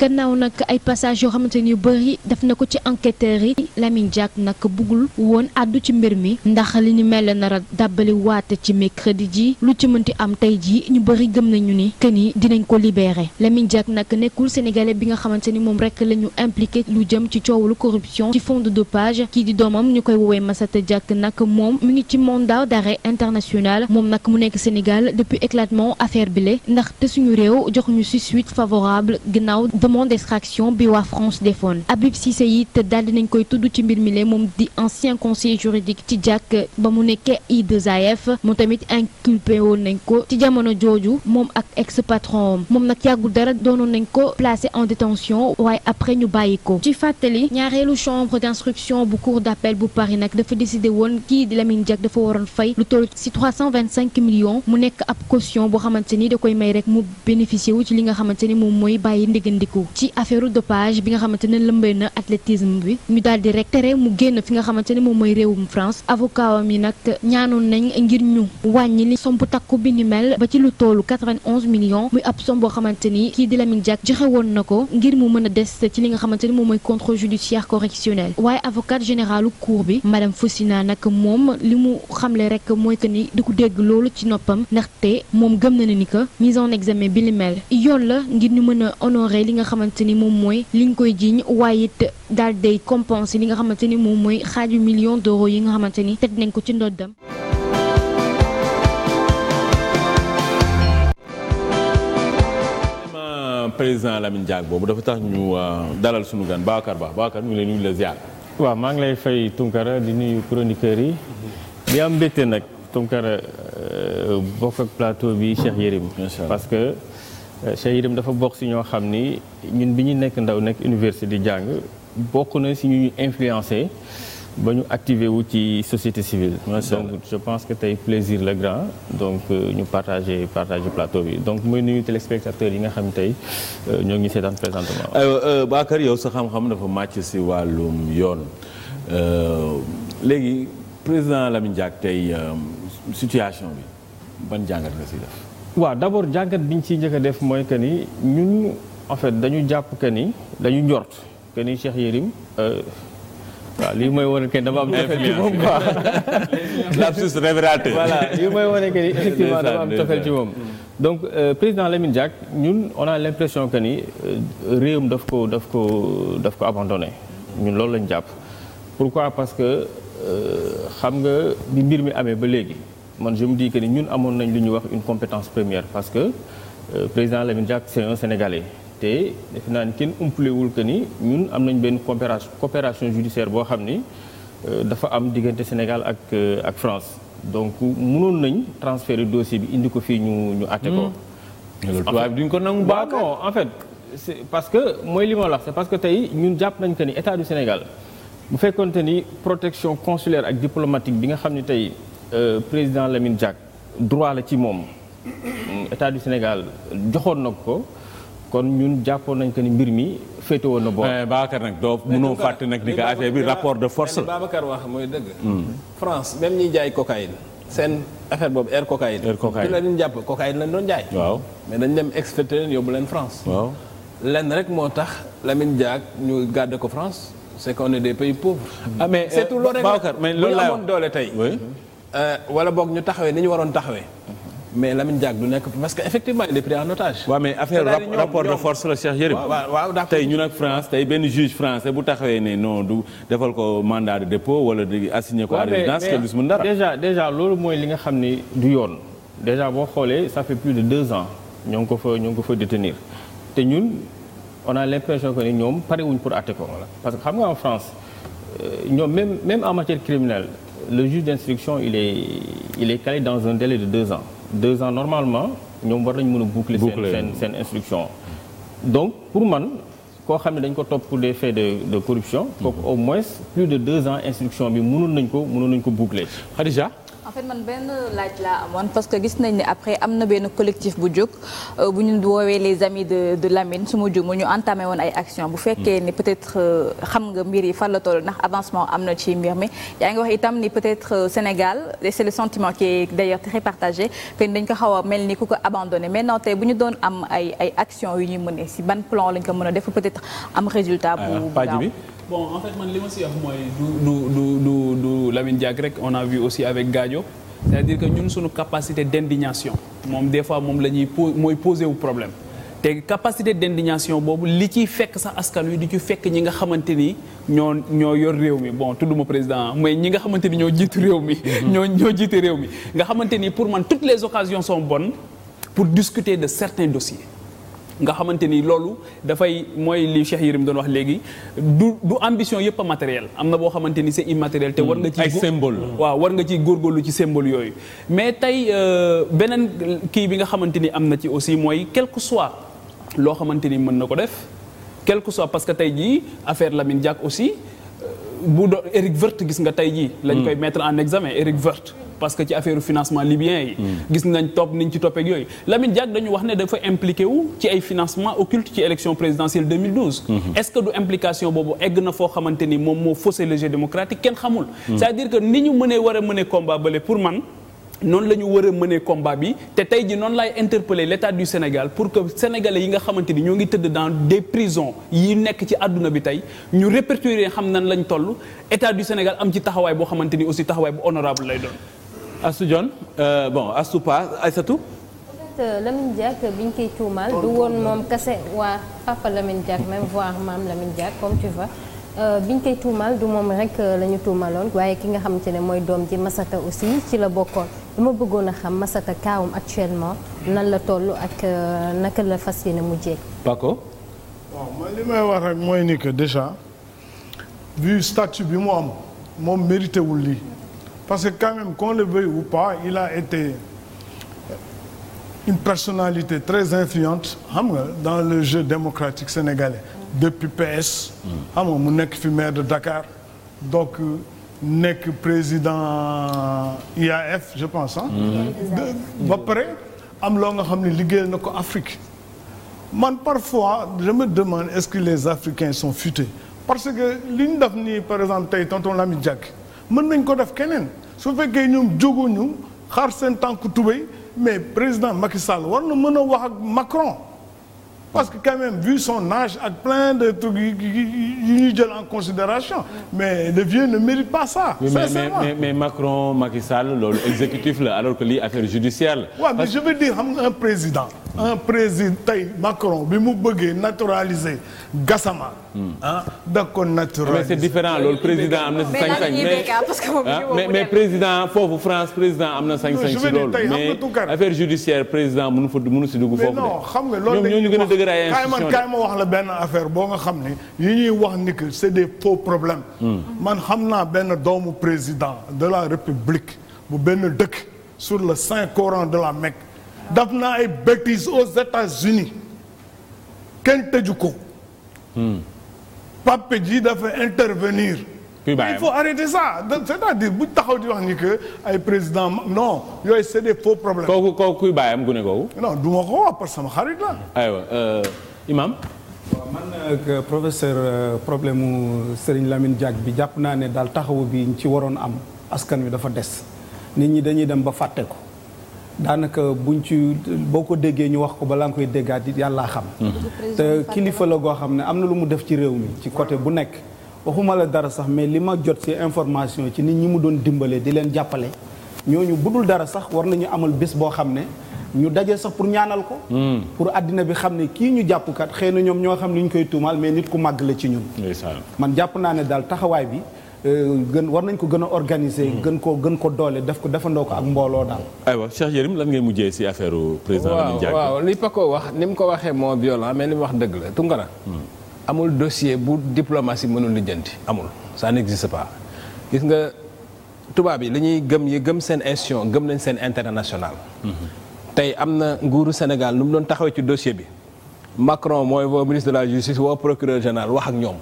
gannaaw nag ay passage yoo xamante ni yu bëri def na ko ci enquêteurs yi Lamine Diack nag bëggul woon àddu ci mbir mi ndax li ñu mel nar a dàbbali waate ci mercredi ji lu ci mënti am tey jii ñu bëri gëm nañu ni que ni dinañ ko libéré Lamine Diack nag nekkul sénégalais bi nga xamante ni moom rek la ñu impliqué lu jëm ci coowlu corruption ci fonds de dopage kii di doomam ñu koy woowee Massata Diack nag moom mi ngi ci mandat d'arrêt international moom nag mu nekk Sénégal depuis éclatement affaire bi ndaxte suñu réew joxuñu si suite favorable gannaaw demande d'extraction bi waa France defoon Habib Cissé it daal dinañ koy tudd ci mbir mi le moom di ancien conseiller juridique ci jàkk ba mu nekkee I2AF moom tamit inculpé woon nañ ko ci jamono jooju moom ak ex patron moom nag yàggul dara doonoon nañ ko placé en détention waaye après ñu bàyyi ko ci fàttali ñaareelu chambre d'instruction bu cour d'appel bu Paris nag dafa décidé woon kii di Lamine dafa waroon fay lu toll ci millions mu nekk ab li nga xamante tënku ci affaire dopage bi nga xamante ne lëmbee na athlétisme bi ñu daal di tere mu génn fi nga xamante ne moom mooy France avocat yi nag ñaanoon nañ ngir ñu wàññi li somb takku bi ni mel ba ci lu toolu 91 millions muy ab som boo xamante ni kii di Lamine Diack na ko ngir mu mën a des ci li nga xamante ni moom mooy contrôle judiciaire correctionnel waaye avocat généralu cour bi madame Foussina nag moom li mu xamle rek mooy que ni di ko dégg loolu ci noppam ndaxte moom gëm na ne ni que bi xamante ni moom mooy li nga koy jiiñ waaye it daal day compenser li nga xamante ni moom mooy xaaju million d'euros yi nga xamante ni teg nañ ko ci ndoddam président Lamine Diack boobu dafa tax ñu euh, dalal sunu gan Bakar Ba Bakar ñu ngi lay la ziar. waaw maa ngi lay fay Tunkara di nuyu chroniqueurs yi. di am mbégte nag Tunkara euh, bokk plateau bi Cheikh Yérim. parce Cheikh Yérim dafa bokk si ñoo xam ni ñun bi ñu nekk ndaw nekk université di jàng bokk na si ñu influencé ba ñu activer wu ci société civile. donc je pense que tey plaisir le grand donc euh, ñu partagé partagé plateau bi donc mooy nuyu téléspectateurs yi nga xam tey euh, ñoo ngi seetaan présentement. Euh, Bakar yow sa xam-xam dafa màcc si wàllum yoon léegi président la Lamine Diack tey situation bi ban jàngat nga si def. waaw d'abord jàngat bi ñu ciy njëkk a def mooy que ni ñun en fait dañu jàpp que ni dañu njort que ni Cheikh Yérim euh, waaw lii mooy wane que dama am cofeel ci moom voilà lii mooy wane que ni effectivement dama am cofeel donc euh, président Lamine Diack ñun on a l'impression que ni euh, réewam daf ko daf ko daf ko abandonné ñun loolu lañ jàpp. pourquoi parce que xam nga bi mbir mi amee ba léegi. man je me dis que ni ñun amoon nañ lu ñuy wax une compétence première parce que euh, président Lamine Diack c'est un Sénégalais te defe naa ni kenn umpalewul que ni ñun am nañ benn coopération coopération judiciaire boo xam ni euh, dafa am diggante Sénégal ak euh, ak France donc munoon nañ transférer dossier bi indi ko fii ñu ñu àtte ko. Hmm. loolu duñ ko nangu baax non en fait c'est parce que mooy li ma wax c'est parce que tey ñun jàpp nañ que ni état du Sénégal bu fekkonte ni protection consulaire ak diplomatique bi nga xam ni tey. Euh, président Lamine Diack droit la ci moom état du Sénégal joxoon na ko kon ñun jàppoon nañ que ni mbir mi féete woon na. boo eh, Babacar nag doo mënoo fàtte nag ni que affaire bi rapport de force la. wax mooy dëgg. Hmm. France même ñiy jaay cocaïne. seen affaire boobu air cocaïne. air cocaïne ki la ñu lañ doon jaay. waaw mais dañ dem exfiltré leen yóbbu leen France. waaw lenn rek moo tax Lamine Diack ñu gàdde ko France. c'est qu'on est des pays pauvres. Ah, euh, mais loolu laa wax doole tey. Euh, wala boog ñu taxawee ni ñu waroon taxawee. mais Lamine Diack du nekk parce que effectivement il est pris en otage. waaw mais affaire rapport de force la Cheikh Yérim. waaw tey ñu France tey benn juge français bu taxawee ne non du defal ko mandat de dépôt wala di assigner ko à résidence kenn du si mën dara. déjà déjà loolu mooy li nga xam ni du yoon déjà boo xoolee ça fe plus de deux ans ñoo ngi ko fa ñoo ngi ko fa détenir te ñun on a l'impression que ni ñoom pare wuñ pour àtte ko parce que xam nga en France euh, ñoom même même en matière criminelle. le juge d'instruction il est il est calé dans un délai de deux ans deux ans normalement ñoom war nañu mën a boucler seen seen instruction donc pour man koo xam ne dañ ko topp pour des faits de de corruption kooku mhm. au moins plus de deux ans instruction bi mënoon nañ ko mënoon nañ ko boucler Khadija en fait man benn laaj laa amoon parce que gis nañ ni après am na benn collectif bu jóg euh, bu ñu woowee les amis de lamin su ma jóg mu ñu entame woon ay action bu fekkee ni peut-être euh, xam nga mbir yi fan la toll ndax avancement am na ci mbir mi yaa ngi wax itam ni peut-être euh, Sénégal et c'est le sentiment qui est d'ailleurs très partagé que dañ ko xaw a mel ni ku ko abandonné maintenant tey bu ñu doon am ay ay action yu ñuy mënee si ban plan lañ ko mën a def peut-être am résultat bu ah, bon en li ma si wax mooy du du du du du Lamine Diack rek on aussi avec Gadio cest que ñun suñu capacité d'indignation moom des fois moom la ñuy po mooy poser wu problème te capacité d'indignation boobu li ciy fekk sax askan wi di ci fekk ñi nga xamante ni ñoo ñoo yor réew mi bon tudduma président mais ñi nga xamante ni ñoo jiitu réew mi. Mhm. ñoo ñoo jiite réew mi. nga xamante ni pour man toutes les occasions sont bon pour discuter de certains dossiers. nga xamante ni loolu dafay mooy li Cheikh Yérim doon wax léegi du du ambition yëpp a matériel am na boo xamante ni c'est immatériel. te war nga ci ay symbole waaw war nga ci góorgóorlu ci symbole yooyu. mais tey euh, beneen kii bi nga xamante ni am na ci aussi mooy quelque soit loo xamante ni mën na ko def quelque soit parce que tey jii affaire Lamine Diack aussi. bu do Éric Woerth gis nga tey jii. lañ hmm. koy mettre en examen Éric Woerth. parce que ci affaire financement libyen yi. Hmm. gis nañ topp niñ ci toppeeg yooyu. Lamine Diack dañu wax ne dafa impliqué wu ci ay financement occulte ci élection présidentielle 2012. Hmm. est-ce que du implication boobu egg na foo xamante ni moom moo faussé le jeu démocratique kenn xamul. c'est-à-dire que ni ñu mënee war a mënee combat bële pour man. noonu la ñu war a mënee combat bi te tey ji noonu laay interpeller l'état du Sénégal pour que sénégalee yi nga xamante ni ñoo ngi tëdd dans des prisons yi nekk ci àdduna bi tey ñu répertorier xam nan lañ toll état du Sénégal am ci taxawaay boo xamante ni aussi taxawaay bu honorable lay doon. Astou Dione euh, bon Astou Pa Aïssatou. Euh, Lamine Diack euh, biñ koy tuumaal du woon moom kese waa papa Lamine Diack même voir maam Lamine Diack comme tu vois. Euh, biñ koy tuumal du moom rek euh, lañu ñu tuumaloon waaye ki nga xamante ne mooy doom ji Massata aussi ci la bokkoon dama bëggoon a xam Massata kaawam actuellement nan la toll ak euh, naka la fas yéene mujjee. Paco. waaw mooy li may wax rek mooy ni que déjà vu statut bi mu am moom mérité wul lii parce que quand même qu'on le veuille ou pas il a été une personnalité très influente xam nga dans le jeu démocratique sénégalais. depuis PS. xam mu nekk fi maire de Dakar donc euh, nekk président IAF je pense mm-hmm. ba pare am loo nga xam ne liggéey na ko Afrique. man parfois je me demande est-ce que les Africains sont futés parce que li ñu def nii par exemple tey tonton Lamine Diack mën nañ ko def keneen su fekkee ñoom jóguñu xar seen tànk tubéy mais président Macky Sall war na mën a wax ak Macron. parce que quand même vu son âge ak plein de trucs yu ñuy jël en considération mais le vieux ne mérite pas ça oui, mais, sincèrement mais, mais, mais Macron Macky Sall loolu exécutif la alors que lii affaire judiciaire la ouais, parce... mais je veux dire xam nga un président un président tey Macron bi mu bëggee naturaliser Gassama. ah da ko naturaliser. mais c'est différent loolu président am na si sañ-sañ. mais mais ah, président foofu France président am na sañ-sañ. si loolu mais affaire judiciaire président mënu fa mënu si dugg foofu. mais non xam nga loolu ñoo ñu gën a dëgër ay ma wax la benn affaire boo nga xam ne yi ñuy wax ni que c'est des faux problèmes. Hmm. man xam naa benn doomu président de la république bu benn dëkk sur le Saint Coran de la Mecque. daf naa ay bêtises aux États-Unis kenn tëju ko. Hmm. Pape ji dafa intervenir. il faut arrêter ça c'est-à-dire bu taxaw di wax ni que ay président non yooyu c'est des faux problèmes. kooku kooku kuy bàyyam gune googu. non du ma ko sama xarit la. Euh, imam Imaam. waaw euh, professeur euh, problème mu Serigne Lamine Diack bi jàpp naa ne daal taxawu bi ñu ci waroon am askan wi dafa des nit ñi dañuy dem ba fàtte ko. daanaka buñ ci boo ko déggee ñu wax ko balaa nga koy déggaat it yàllaa xam. Mm-hmm. te kilifa la goo xam ne am na lu mu def ci réew mi ci côté bu nekk. waxuma la dara sax mais li ma jot ci information ci nit ñi mu doon dimbalee di leen jàppale ñooñu budul dara sax war nañu amal bés boo xam ne. ñu daje sax pour ñaanal ko. Mm. pour àddina bi xam ne kii ñu jàpp kat xëy na ñoom ñoo xam li ñu koy tuumaal mais nit ku màgg la ci ñun. man jàpp naa ne daal taxawaay bi. Euh, gën war nañ ko gën a organiser. Hmm. gën ko gën ko doole def ko defandoo ko ak mbooloo daal. aywa Cheikh Yérim lan ngay mujjee ci affaire président Lamine Diack. waaw li Paco mu ko waxee moo violent mais li mu wax dëgg la Tounkara. Hmm. amul dossier bu diplomatie mënul lijjanti amul ça n'existe pas gis nga tubaab yi li ñuy gëm yi gëm seen institution gëm nañ seen international hmm. tey am na nguuru Sénégal nu mu doon taxawee ci dossier bi Macron mooy woo ministre de la justice woo procureur général wax ak ñoom.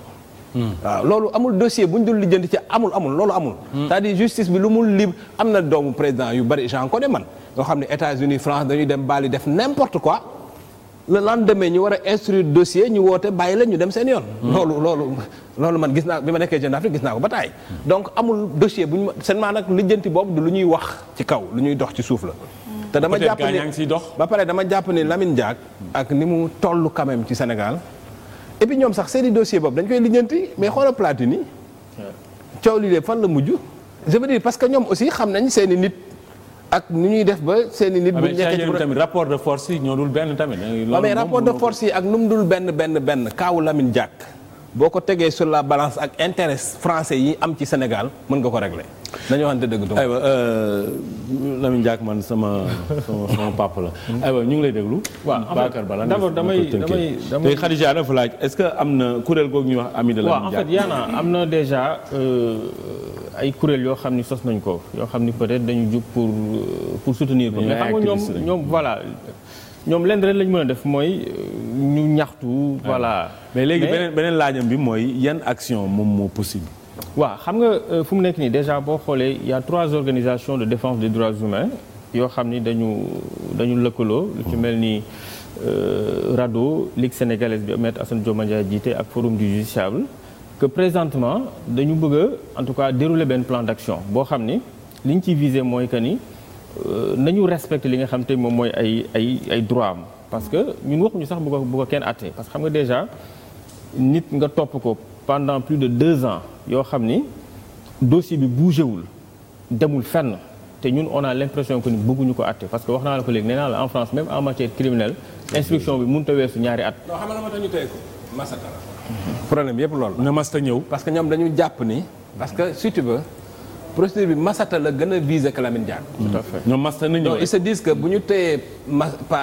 waaw loolu amul dossier bu ñu dul lijjanti ci amul amul loolu amul hmm. cest à justice bi lu mu libre am na doomu président yu bari j'en connais man yoo xam ne États-Unis France dañuy dem Bali def n'importe quoi le lendemain ñu war a instruire dossier ñu woote bàyyi la ñu dem seen yoon hmm. loolu loolu loolu man gis naa bi ma nekkee jeune Afrique gis naa ko ba taay hmm. donc amul dossier bu ñu maa nag lijjanti boobu du lu ñuy wax ci kaw lu ñuy dox ci suuf la te dama jàpp ni ba pare dama jàpp ni Lamine Diack ak ni mu toll quand même ci Sénégal et puis ñoom sax seeni dossier boobu dañ koy lijjanti mais xoolal Platini coow li de fan la mujj je veux dire parce que ñoom aussi xam nañ seeni nit ak nu ñuy def ba seeni nit. Ah, bu ñu nekkee ci tamit rapport de force yi ñoo dul benn tamit. Ah, mais rapport de force yi ak nu mu dul benn benn benn kaawu Lamine Diack. boo ko tegee sur la balance ak intérêt français yi am ci Sénégal mën nga ko régler nañu waxante dëgg du aywa euh, Lamine Diack man sama sama sama papa la aywa ñu ngi lay déglu waa Bakar Bala d'abord damay damay damay Khadija dafa laaj est-ce que am na kuréel googu ñuy wax ami de Lamine Diack waaw na am na déjà euh, euh, ay kuréel yoo xam ni sos nañ ko yoo xam ni peut-être dañu jug pour pour soutenir ko mais xam nga ñoom ñoom voilà ñoom lenn rek lañ mën a def mooy euh, ñu ñaxtu. voilà mais léegi beneen beneen laajam bi mooy yan action moom moo possible. waaw xam nga euh, fu mu nekk nii déjà boo xoolee il trois organisations de défense des droits humains yoo xam ni dañu dañu lëkkaloo. lu ci hmm. mel ni euh, RADDHO Ligue sénégalaise bi Maître Assane Dioma Ndiaye jiite ak forum du justiciable que présentement dañu bëgg a en tout cas dérouler benn plan d'action boo xam ni li ñu ciy viser mooy que ni. Euh, nañu respecté li nga xam te moom mooy ay ay ay droit am parce que ñun waxuñu sax bu ko bu ko kenn àttee parce que xam nga déjà nit nga topp ko pendant plus de deux ans yoo xam ni dossier bi bougé wul demul fenn te ñun on a l'impression que ni bëgguñu ko àtte parce que wax naa la ko léegi nee naa la en France même en matière criminelle instruction bi mënut a weesu ñaari at. non xam nga ma ñu tey ko masaka la problème yëpp loolu. na masta ñëw parce que ñoom dañu procédure bi Massata la gën a visé que Lamine Diack. tout à fait ñoom Massata nañu ñëw donc ils se bu ñu téyee ma pa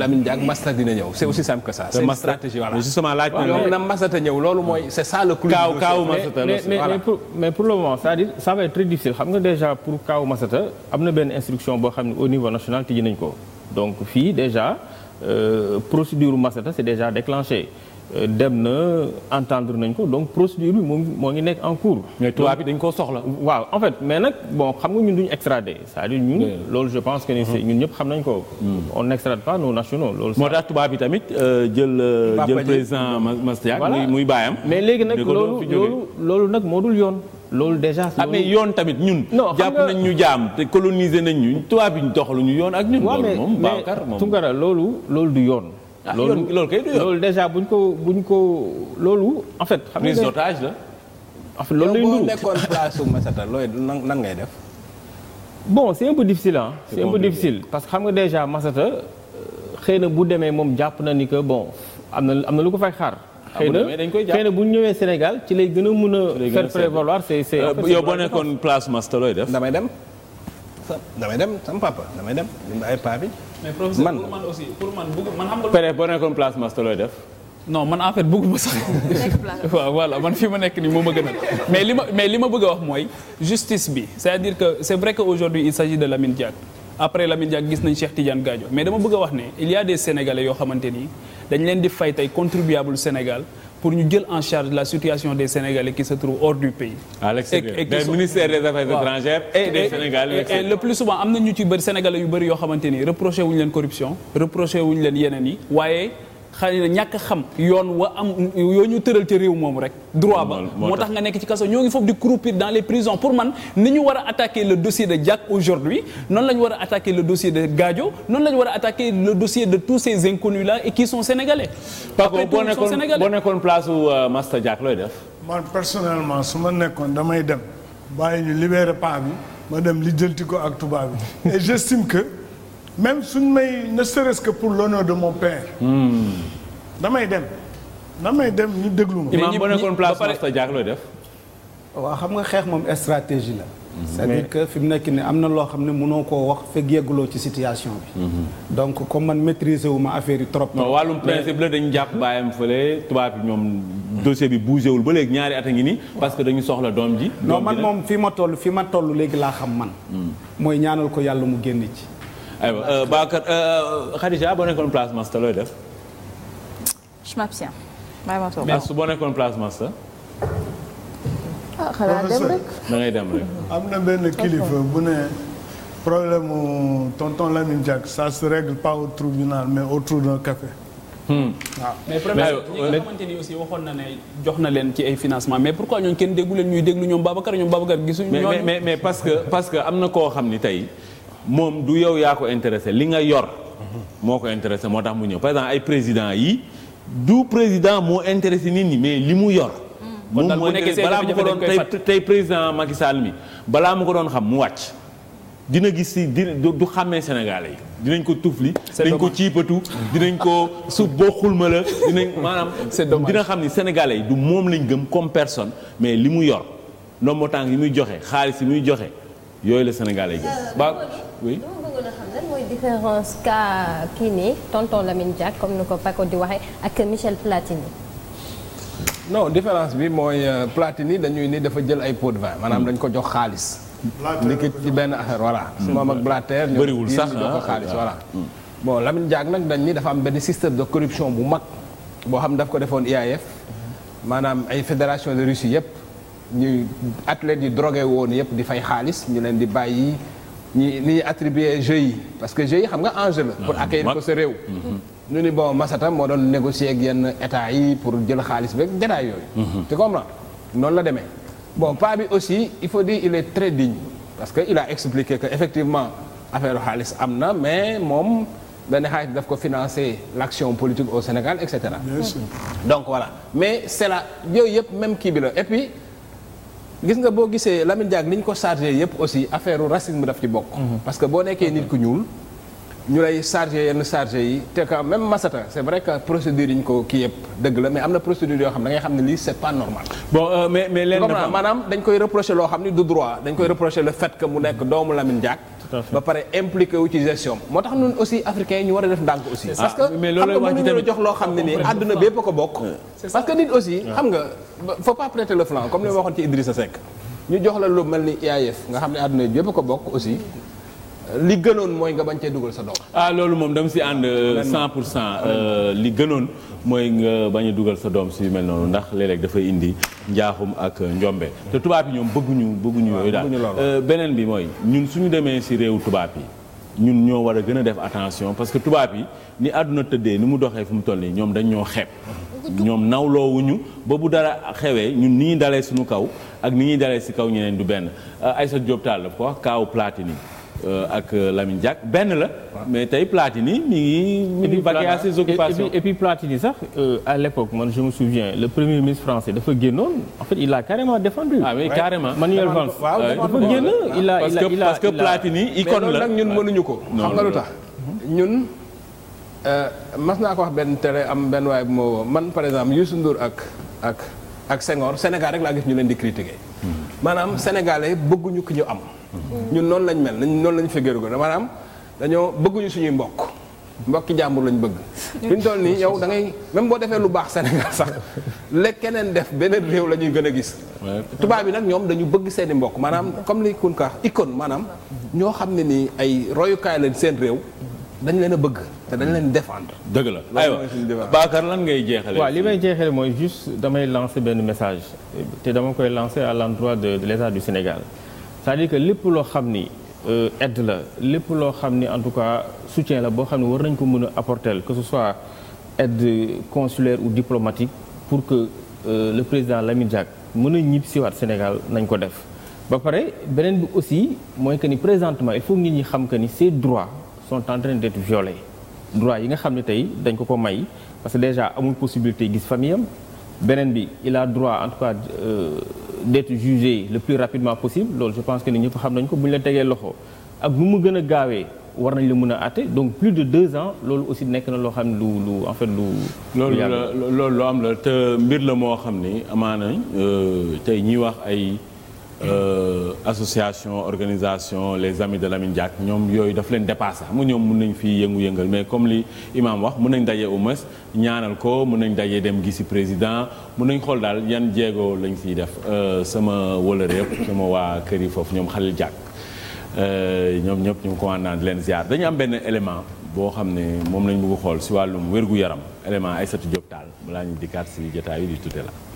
Lamine Diack dina ñëw c' est aussi simple que ça. c' est une stratégie voilà justement laaj na na ñëw loolu mooy c' est ça le. clou kaaw kaaw Massata mais pour mais pour le moment c' est à dire ça difficile xam nga déjà pour kaaw Massata am na benn instruction boo xam ne au niveau national tijji nañu ko donc fii déjà euh, procédure Massata c' est déjà déclenché. dem na entendre nañ ko donc procédure moom moo ngi nekk en cours. mais tubaab bi dañ koo soxla. waaw en fait mais nag bon xam nga ñun duñu extradé cest à ñun. loolu je pense que ni mm-hmm. ñun ñëpp xam nañ ko. Mm. on n'extrade pas nos nationaux. loolu moo tax tubaab bi tamit euh, jël euh, jël président Mastiac. muy muy baayam. mais léegi nag loolu loolu loolu nag moo yoon. loolu déjà ah yoon tamit ñun. jàpp nañ ñu jaam te coloniser nañ ñu tubaab bi doxaluñu yoon ak ñun. loolu moom Babacar loolu loolu du yoon. Ah, loolu loolu kay du yoon loolu ko buñ ko loolu en fait. xam nga prise d'otage la. en loolu lay nuru nekkoon place su Massata looy nan ngay def. bon c'est un peu difficile ah. c'est un difficile parce que xam nga déjà Massata euh, xëy na bu demee moom jàpp na ni que bon am na am na lu ko fay xaar. Ah, xëy na xëy na bu ñu ñëwee Sénégal ci lay gën a mun a. faire prévaloir c'est c'est. Euh, yow boo nekkoon place Massata looy def. damay dem damay dem sama papa damay dem ay paa bi. mais professeur man pour man aussi pour man bëgg man xam nga. peut-être boo nekkoon place Master looy def. non man en fait bëgguma sax. man fi ma nekk nii moo ma gënal. mais li ma mais li ma bëgg a wax mooy justice bi c'est-à-dire que c'est vrai que aujourd'hui il s'agit de Lamine Diack après Lamine Diack gis nañ Cheikh Tidiane Gadio mais dama bëgg a wax ne il y a des yoo xamante ni dañ leen di fay tey contribuable Sénégal. pour ñu jël en charge la situation des Sénégalais qui se trouvent hors du pays. à l'extérieur des ministères des affaires étrangères. et des Sénégalais le plus souvent am na ñu ci bëri Sénégalais yu bëri yoo xamante ni reproché wuñ leen corruption reproché wuñ leen yeneen yi xëy ñàkk xam yoon wa am yoo ñu tëral ci réew moomu rek droit ba moo tax nga nekk ci kaso ñoo ngi foofu di croupir dans les prisons pour man ni ñu war a attaquer le dossier de Diack aujourd'hui noonu la ñu war a attaquer le dossier de Gadio noonu la ñu war a attaquer le dossier de tous ces inconnus là et qui sont boo nekkoon place u euh, Master Diack looy def man personnellement su ma nekkoon damay dem bàyyi ñu libéré paa bi ma dem li jëlti ko ak tubaab bi et j'estime même suñ may na serait-ce que pour l'honneur de mon père. Hmm. damay dem damay dem ñu déglu ma. imaam boo nekkoon place Masta Diack looy def. waaw xam nga xeex moom stratégie la. Hmm. cest fi mu nekk ni am na loo xam ne mënoo koo wax fekk yegguloo ci situation bi. Hmm. donc comme man maîtriser wu ma affaire yi trop. non wàllum principe la dañu jàpp bàyyam fële tubaab bi ñoom dossier bi bougé wul ba léegi ñaari at a ngi nii. parce que dañu soxla doom ji. non man moom fi ma toll fi ma toll léegi laa xam man. mooy ñaanal ko yàlla mu génn ci. aywa euh, Bakar euh, euh, Khadija boo nekkoon place master looy def. je m'abstiens. bàyyi ma su boo nekkoon place master. ah xanaa dem rek. da dem rek. am na benn kilifa bu ne problème mu tonton Lamine Diack ça se règle pas au tribunal mais autour d'un café. Hmm. Ah. mais premier ni aussi waxoon na ne jox na leen ci ay financement mais pourquoi ñooñu kenn déggu ñuy déglu ñoom Babacar ñoom Babacar gisuñu. ñooñu mais mais parce que parce que am na koo xam ni tey. moom du yow yaa ko intéressé li nga yor moo ko intéressé moo tax mu ñëw par exemple ay président yi du président moo intéressé nit ñi mais li mu yor hmm. moom moo intéressé balaa mu ko doon tey tey président Macky Sall mi balaa mu ko doon xam mu wàcc dina gis si di du xàmmee Sénégalais yi dinañ ko tufli dinañ ko ciipatu dinañ ko su bokkul ma la dinañ maanaam dina xam ni Sénégalais yi moom lañ gëm comme personne mais li mu yor ndombo tànk yi muy joxe xaalis yi muy joxe yooyu la Sénégalais yi gëm euh, oui a différence ka kii nii tonton Lamine Diack comme ni ko Paco di waxee ak Michel Platini. no différence bi mooy euh, Platini dañuy ni dafa jël ay pots de vin maanaam hmm. dañ ko jox xaalis. Blatter ci benn affaire voilà. Hmm. moom ak Blatter ñoom bëriwul sax jox ko ah, xaalis voilà. Hmm. bon Lamine Diack nag dañ ni dafa am benn système de corruption bu mag boo xam daf ko defoon IAAF maanaam ay fédération de Russie yëpp ñuy athlètes yu drogué woon yëpp di fay xaalis ñu leen di bàyyi. ñi ni ñuy attribué parce que jeu yi xam nga enjeu pour ah, accueillir réew. Mm-hmm. ñu ni bon Massata moo doon négocier ak yenn état yi pour jël xaalis beeg détail yooyu. Mm-hmm. tu comprends noonu la deme bon pas aussi il faut dire il est très digne parce que il a expliqué que effectivement affaire xaalis am na mais moom dañu xaalis def ko financer l'action politique au Sénégal et cetera. donc voilà mais c'est là yooyu yëpp même kii bi la et puis. gis nga boo gisee Lamine Diack li ñu ko chargé yëpp aussi affaire racisme daf ci bokk. Mhm. parce que boo nekkee nit ku ñuul. ñu lay chargé yenn chargé yi te quand même Massata c' est vrai que procédure yi ñu ko kii yëpp dëgg la mais am na procédure yoo xam da ngay xam ne lii c' pas normal. bon euh, mais mais lenn maanaam dañ koy reproché loo xam ni du droit dañ koy reproché le fait que mu nekk doomu Lamine Diack. ba pare impliqué wu ci gestion moo tax ñun aussi africains yi ñu war a def ndànk aussi parce que xam nga jox loo xam ne nii àdduna bépp a ko bokk parce nit aussi xam nga faut pas prêter le flanc comme li ma waxoon ci Idrissa Seck ñu jox la lu mel ni IAF e nga xam ne àdduna bépp a ko bokk aussi li gënoon mooy nga bañ cee dugal sa doom ah loolu moom dama si ànd 100 euh, cent euh, li gënoon mooy nga bañ dugal sa doom si mel noonu ndax léeg dafay indi njaaxum ak njombe te tubaab yi ñoom bëgguñu bëgguñu yooyu daal euh, beneen bi mooy ñun suñu demee si réew tubaab yi ñun ñoo war a gën a def attention parce que tubaab yi ni àdduna tëdde ni mu doxee fu mu toll nii ñoom dañ ñoo xeeb ñoom nawloowuñu ba bu dara xewee ñun ni ñuy dalee suñu kaw ak ni ñuy dalee si kaw ñeneen du benn euh, Aïssa Diop Tall daf ko kaaw Platini Euh, ak euh, Lamine Diack benn la. mais tey Platini mi ngi. mi ngi vaquer à ses occupations et Platini sax euh, à l'époque man je me souviens le premier ministre français dafa génnoon en fait il a carrément défendu. ah oui carrément Manuel Valls. a il a il a parce que Platini icône la ko. xam nga lu ñun. mas naa ko benn télé am benn waay bu ma man par exemple Youssou Ndour ak ak ak Senghor Sénégal rek la gis ñu leen di critiquer hmm. maanaam sénégalais bëgguñu ki ñu am. ñun noonu lañ mel nañ noonu lañ fegéerugo maanaam dañoo bëgguñu suñuy mbokk mbokki jàmbur lañ bëgg fi ñu nii yow da ngay même boo defee lu baax Sénégal sax lekk keneen def beneen réew la ñuy gën a gis tubaab yi nag ñoom dañu bëgg seen i mbokk maanaam comme li kun ka maanaam ñoo xam ne nii ay royukaay lañ seen réew dañ leen a bëgg te dañ leen défendre. dëgg la aywa Bakar lan ngay jeexale waaw li may jeexale mooy juste damay lancer benn message te dama koy lancer à l'endroit de de l'État Sénégal c'est-à-dire que lépp loo xam ni euh, aide la lépp loo xam ni en tout cas soutien la boo xam ne war nañ ko mën a apporter que ce soit aide consulaire ou diplomatique pour que euh, le président Lamine Diack mën a ñib siwaat Sénégal nañ ko def ba pare beneen bi aussi mooy que ni présentement il faut nit ñi xam que ni ces droits sont en train d'être violés droits yi nga xam ne tey dañ ko ko may parce que déjà amul possibilité gis famille am beneen bi il a droit en tout cas euh, d'être jugé le plus rapidement possible loolu je pense que ni ñëpp xam nañ ko bu ñu la tegee loxo ak nu mu gën a gaawee war nañ la mun a àtte donc plus de deux ans loolu aussi nekk na loo xam ne lu lu en fait lu. loolu la loolu lu am la te mbir la moo xam ni amaana euh, tey ñi wax ay. Euh, association organisation les amis de Lamine Diack ñoom yooyu daf leen dépassé xam nga ñoom mun nañ fii yëngu-yëngal mais comme li imam wax mën nañ daje au moins ñaanal ko mën nañ daje dem gisi président mun nañ xool daal yan jéego lañ fiy def euh, sama wëlëre yëpp sama waa kër yi foofu ñoom Khalil Diack euh, ñoom ñëpp ñu ngi ko naan di leen ziar dañu am benn élément boo xam ne moom lañ bëgg xool si wàllum wér-gu-yaram élément Aïssatou Diop Tall balaa ñu dikkaat si jotaay yi di tuddee la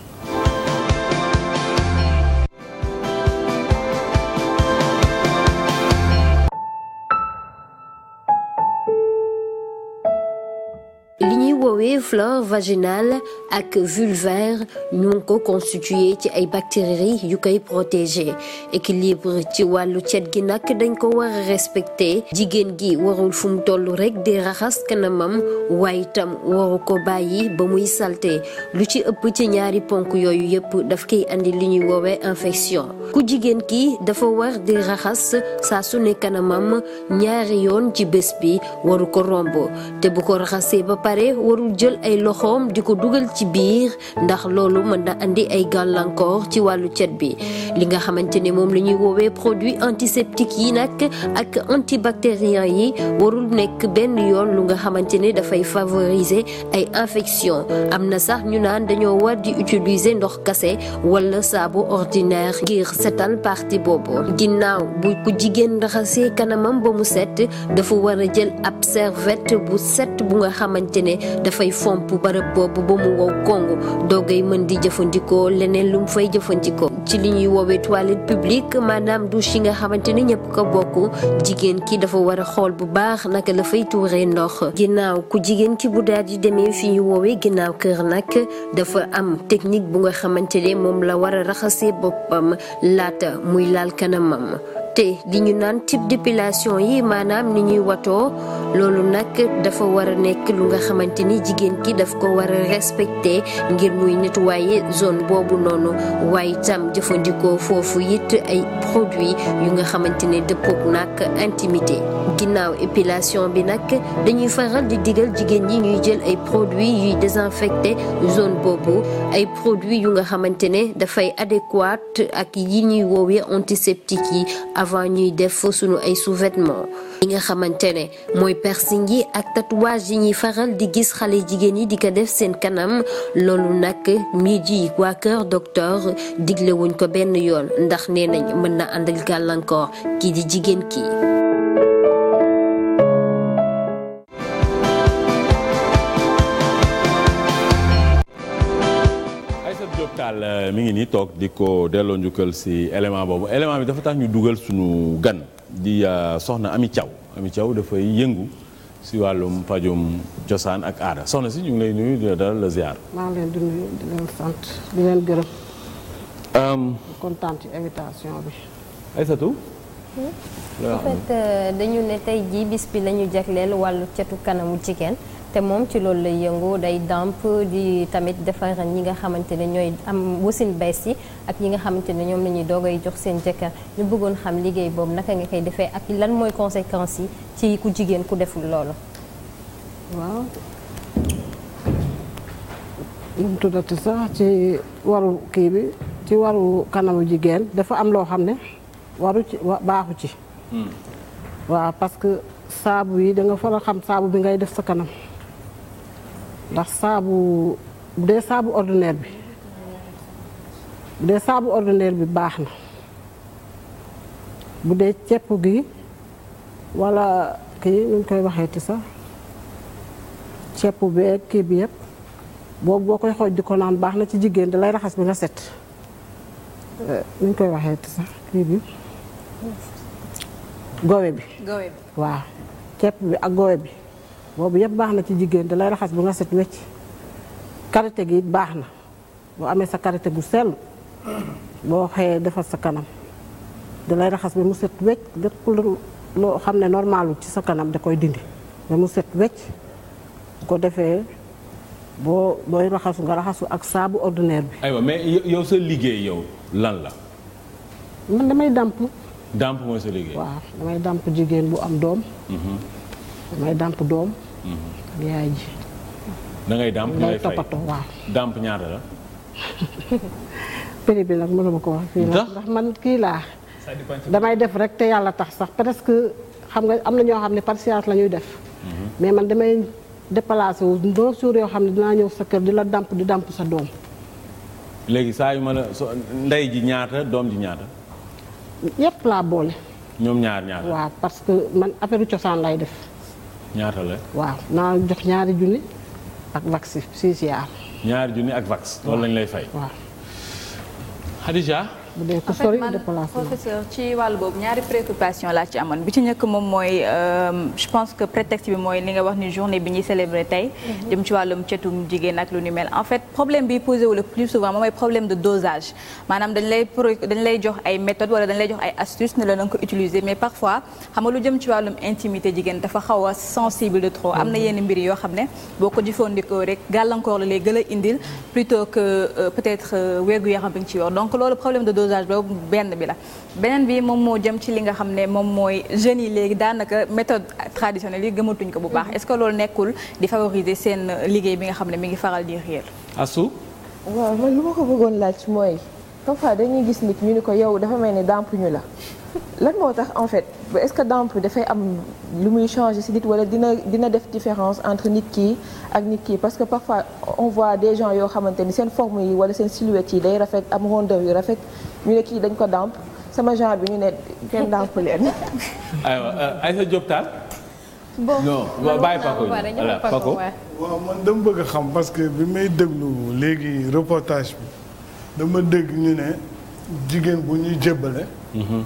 les flore vaginale ak vulvaire ñu ngi ko constitué ci ay bactéries yu koy protégé équilibre ci wàllu cet gi nag dañ ko war a respecté jigéen gi warul fu tollu rekk di raxas kanamam waaye itam waru ko bàyyi ba muy salté lu ci ëpp ci ñaari ponk yooyu yëpp daf koy andi li ñuy woowee infection ku jigéen ki dafa war di raxas saa su ne kanamam ñaari yoon ci bés bi waru ko romb te bu ko raxasee ba pare warul jël ay loxoom di ko dugal ci biir ndax loolu mën na andi ay gàllankoor ci wàllu cet bi li nga xamante ne moom la ñuy woowee produit antiseptique yi nag ak antibactérien yi warul nekk benn yoon lu nga xamante ne dafay favoriser ay infection am na sax ñu naan dañoo war di utiliser ndox kase wala saabu ordinaire ngir setal partie boobu ginnaaw bu ku jigéen raxasee kanamam ba mu set dafa war a jël ab serviette bu set bu nga xamante ne dafay dafay fomp barab boobu ba mu wow kongu doogay mën di jëfandikoo leneen lu mu fay jëfandikoo. ci li ñuy woowee toilette publique maanaam douche yi nga xamante ni ñëpp ko bokk jigéen ki dafa war a xool bu baax naka la fay tuuree ndox. ginnaaw ku jigéen ki bu daal di demee fi ñu woowee ginnaaw kër nag dafa am technique bu nga xamante ne moom la war a raxasee boppam laata muy laal kanamam. te li ñu naan type d'épilation yi maanaam ni ñuy watoo loolu nag dafa war a nekk lu nga xamante ni jigéen ki daf ko war a respecté ngir muy nettoyer zone boobu noonu waaye tam jëfandikoo foofu it ay produits yu nga xamante ne dëppoog nag intimité ginnaaw épilation bi nag dañuy faral di digal jigéen ñi ñuy jël ay produits yuy désinfecté zone boobu ay produits yu nga xamante ne dafay adéquat ak yi ñuy woowee antiseptique yi avant ñuy def fa sunu ay sous-vêtements nga xamante ne mooy piercing yi ak tatouage yi ñuy faral di gis xale jigéen yi di ko def seen kanam loolu nag mii ji waa kër docteur digle wuñ ko benn yoon ndax nee nañ mën na àndal gàllankoor kii di jigéen kii la euh, mi ngi nii toog di ko delloo njukkal si élément boobu élément bi dafa tax ñu dugal suñu gan di euh, soxna Ami caw Ami Thiaw dafay yëngu si wàllum pajum cosaan ak aada soxna si ñu lay nuyu la dalal la ziar. maa leen di nuyu di leen sant di leen gërëm. kontaan ci euh, dañu ne tey jii bi la jagleel wàllu catu kanamu jigéen. te moom ci loolu lay yëngoo day damp di tamit defar ñi nga xamante ne ñooy am wasin bees yi ak ñi nga xamante ne ñoom lañuy ñuy doogay jox seen jëkkër ñu bëggoon xam liggéey boobu naka nga koy defee ak lan mooy conséquences yi ci ku jigéen ku deful loolu. waaw. nu mu tuddati sax ci waru kii bi ci waru kanamu jigéen dafa am loo xam ne waru ci baaxu ci. Hmm. waaw parce que saabu yi da nga faral xam saabu bi ngay def sa kanam. ndax saabu bu dee saabu ordinaire bi bu dee saabu ordinaire bi baax na bu dee cepp gi walla kii nu koy waxee waxeeti sax cepp beeg kii bi yëpp boobu boo koy xooj di ko naan baax na ci jigéen da lay raxas bi nga set eh, nu ñu koy waxeeti sax kii bi gowe bi waaw cepp bi ak gowe bi boobu yëpp baax na ci jigéen da lay raxas bu nga set wecc karité gi baax na boo amee sa karité gu sell boo xëyee defar sa kanam dalay raxas ba mu set wecc lépp loo xam ne normalu ci sa kanam da koy dindi set wecc ko defee boo booy raxasu nga raxasu ak saabu ordinaire bi. aywa mais yow sa liggéey yow lan la. man damay dàmp. dàmp mooy sa liggéey. waaw damay dàmp jigéen bu am doom. Mhm. damay dàmp doom. yaay ji. dangay dàmp ñu lay fay toppatoo ñaata la. prix bi nag mënuma ko wax. ndax man kii laa. damay def rek te yàlla tax sax presque xam nga am na ñoo xam ne par séance la ñuy def. Mhm. mais man damay déplacé wu deux jours yoo xam ne dinaa ñëw sa kër di la dàmp di dàmp sa doom. léegi saa yu ma la so ndey ji ñaata doom ji ñaata. yépp laa boole. ñoom ñaar ñaar waaw parce que man affaire cosaan lay def. ñaata la. waaw naa jox ñaari junni ak vax si si ñaari junni ak vax. loolu lañ lay fay. waaw bu dee ku sori déplacé professeur ci wàllu boobu ñaari préoccupation laa ci amoon bi ci njëkk moom mooy euh, je pense que prétexte bi mooy li nga wax ni journée bi ñuy célébrer tey. Mhm. jëm ci wàllum cetum jigéen ak lu ni mel en fait problème bi posé wu plus souvent moom mooy problème de dosage maanaam dañ lay dañ lay jox ay méthodes wala dañ lay jox ay astuces ne la nga ko utiliser mais parfois xam nga lu jëm ci wàllum intimité jigéen dafa xaw a sensible de trop. am na mhm. yenn mbir yoo xam ne boo ko jëfandikoo rek gàllankoor la lay gën a indil plutôt que euh, peut-être euh, wérgu yaram ci yor dosage boobu benn bi la beneen bi moom moo jëm ci li nga xam ne moom mooy jeunes yi léegi daanaka méthode traditionnelle yi gëmatuñ ko bu baax est-ce que loolu nekkul di favoriser seen liggéey bi nga xam ne mi ngi faral di réer. asu waaw man lu ma ko bëggoon laaj mooy parfois dañuy gis nit ñu ni ko yow dafa mel ne dàmpuñu la. lan moo tax en fait est-ce que damp dafay am lu muy changer ci nit walla dina dina def différence entre nit kii ak nit kii parce que parfois on voit des gens yoo xamante ni seen forme yi walla seen silhouette yi day rafet am rondeur yu rafet ñu ne kii dañ ko damp sama genre bi ñu ne kenn damp leen. aywa euh, Aïssa Diop Tall. bon non bàyyi Paco waaw man dama bëgg xam parce que bi may déglu léegi reportage bi dama dégg ñu ne jigéen bu ñuy jébbale. Mhm.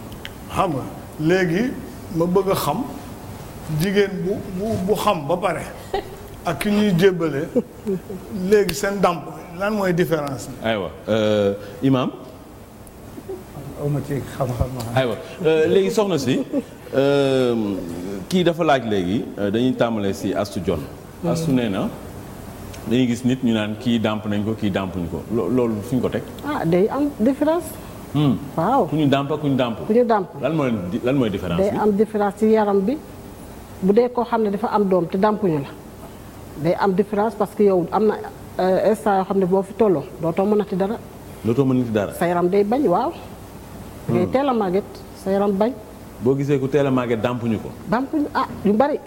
xam nga léegi ma bëgg xam jigéen bu bu bu xam ba pare ak ki ñuy jébbale léegi seen dàmp lan mooy différence aywa euh, imaam. aw ma ci xam-xam. aywa euh, léegi soxna si euh, kii dafa laaj léegi dañuy tàmbalee si astu jon hmm. astu nee na dañuy gis nit ñu naan kii dàmp nañ ko kii dàmpuñ ko loolu fi ñu ko teg. ah day am différence. Hmm. waaw ku ñu dàmp ak ku ñu dàmp. ku ñu dàmp lan mooy lan mooy différence bi day am différence ci yaram bi bu dee koo xam ne dafa am doom te dàmpuñu la day am différence parce que yow am na euh, instant yoo xam ne boo fi tolloo dootoo mënati dara. dootoo mënati dara sa yaram day bañ waaw. ngay hmm. teel a màgget sa yaram bañ. boo gisee ku teel a màgget dàmpuñu ko. dàmpuñu ah yu bari.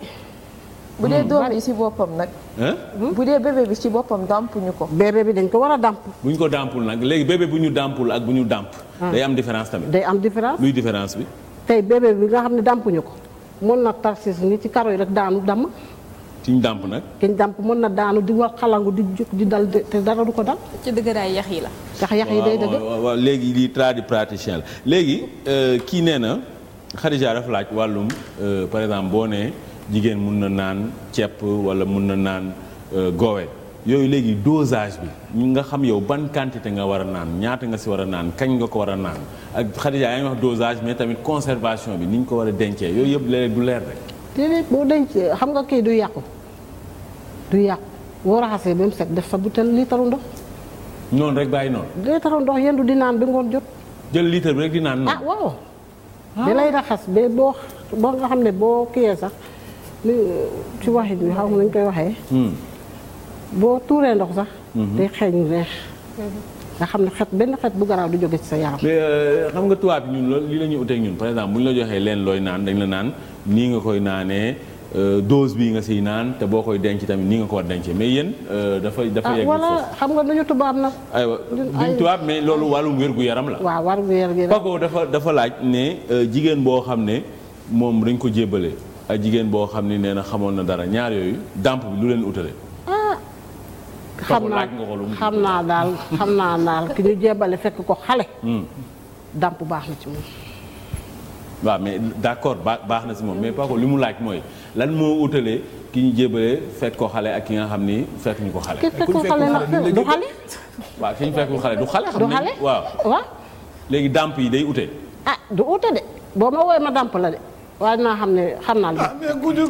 bu dee hmm. doom yi ci boppam nag. Hmm? bu dee bébé bi ci boppam dàmpuñu ko. bébé bi dañ ko war a dàmp. bu ñu ko dàmpul nag léegi bébé bu ñu dàmpul ak bu ñu dàmp. Hmm. day am différence tamit. day am différence luy différence bi. tey bébé bi nga xam ne dàmpuñu ko mën na tarsis ni ci karo yi rek daanu damm. ci ñu dàmp nag. ki ñu dàmp mën na daanu di wax xalangu di jóg di dal te dara du ko dal. ci dëgëraay yax yi la. ndax yax yi day dëgg. waaw waaw léegi lii tradipraticien la léegi euh, kii nee na Khadija dafa laaj wàllum euh, par exemple boo nee jigéen mun na naan ceeb wala mun na naan euh, goowe yooyu léegi dosage bi ñu nga xam yow ban quantité nga war a naan ñaata nga si war a naan kañ nga ko war a naan ak Khadija yaa ngi wax dosage mais tamit conservation bi ni ñu ko war a dencee yooyu yëpp léeg du leer rek. déedéet boo dencee xam nga kii du yàqu du yàqu boo raxasee ba mu set def sa butel liitaru ndox. noonu rek bàyyi noonu. liitaru ndox yendu di naan bi ngoon jot. jël liitar bi rek di naan noonu. ah waaw. da li ci waxit bi xaw ma nañ koy waxee boo tuuree ndox sax day xeeñ reex xam ne xet benn xet bu garaaw du jóge ci sa yaram mais xam nga tubaab yi ñun loolu li la ñuy uteeg ñun par exemple bu ñu la joxee leen looy naan dañ la naan nii nga koy naanee euh, dose bii nga siy naan te boo koy denc tamit nii nga ko war mais yéen euh, dafa dafa ah, yegg xam nga dañu tubaab nag aywa duñ tubaab mais loolu wàllum wér-gu-yaram la waaw wàllum wér gu dafa dafa laaj ne euh, jigéen boo xam ne moom dañ ko jébbale ak jigéen boo xam ni nee xamoon na dara ñaar yooyu dàmp bi lu leen utale. Ah. xam naa xam naa daal xam naa daal ki ñu fekk ko xale. Hmm. dàmp baax na ci waaw mais d'accord baax na si moom mais pas li mu laaj mooy lan moo utalee ki ñu jébalee fekk xale ak ki nga xam ni fekk ko xale. ko xale nag fekk ko du xale. du xale yi day ute. ah du ute de boo ma woowee ma dàmp la de. waaye naa xam ne xam naa. ah mais ku ci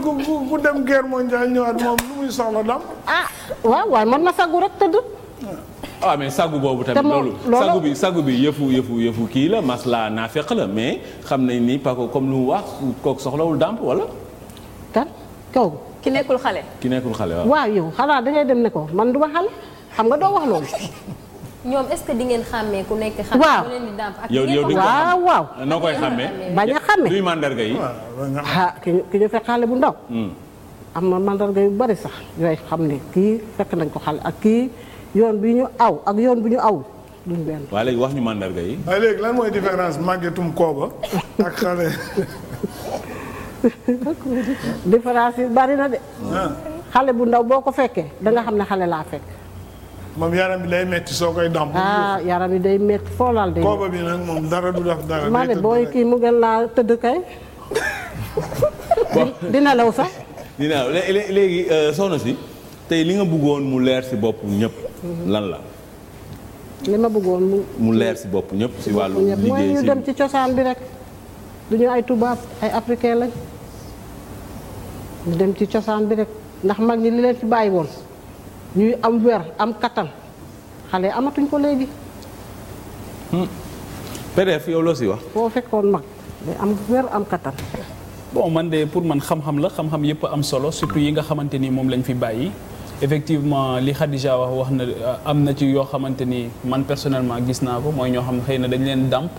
ku dem guerre mondiale ñëwaat moom lu muy soxla dam ah waaw waaye man na saggu rek tëdd. ah, ah mais saggu boobu tamit loolu saggu bi saggu bi yëfu yëfu yëfu kii la masla naafeq la mais xam nañ nii Paco comme lu mu wax kooku soxlawul dàmp wala. kan kaw. ki nekkul xale. ki nekkul xale waaw. waaw yow xalaa da dem ne ko man du ma xale xam nga doo wax loolu. ñoom est-ce que di ngeen xàmmee ku nekk. xam nga ak yow yow di waaw waaw. noo koy xàmmee bañ a xàmmee duy mandarga yi. ah ki ñu fekk xale bu ndaw. Hmm. am na mandarga yu bari sax yooyu xam ne kii fekk nañ ko xale ak kii yoon bi ñu aw ak yoon bi ñu aw duñ benn. waaye léegi wax ñu màndarga yi. waaye lan mooy différence màggetum kooba ak xale. différence yi bari na de. Ah. xale bu ndaw boo ko fekkee da nga xam ne xale laa fekk. moom yaram bi day metti soo koy damp. ah yaram bi day metti foolal de. kooba bi nag moom dara du def dara. maa ne booy kii mu gën laa tëdd kay. dina law sax. dina léegi euh, soxna si tey li nga buggoon mu leer si bopp ñëpp. lan la. li ma bëggoon mu. leer si bopp ñëpp si wàllu liggéey mooy ñu dem ci cosaan bi rek. du ñu ay tubaab ay africain lañ. dem ci cosaan bi rek ndax mag ñi li leen fi bàyyi woon. ñuy am wer am kattan xale amatuñ ko léegi. Hmm. PDF yow loo si wax. boo fekkoon mag day am wer am kattan. boo man de pour man xam-xam la xam-xam yëpp am solo surtout yi nga xamante ni moom lañ fi bàyyi. effectivement li Khadija wax wax na euh, am na ci yoo xamante ni man personnellement gis naa ko mooy ñoo xam xëy na dañ leen dàmp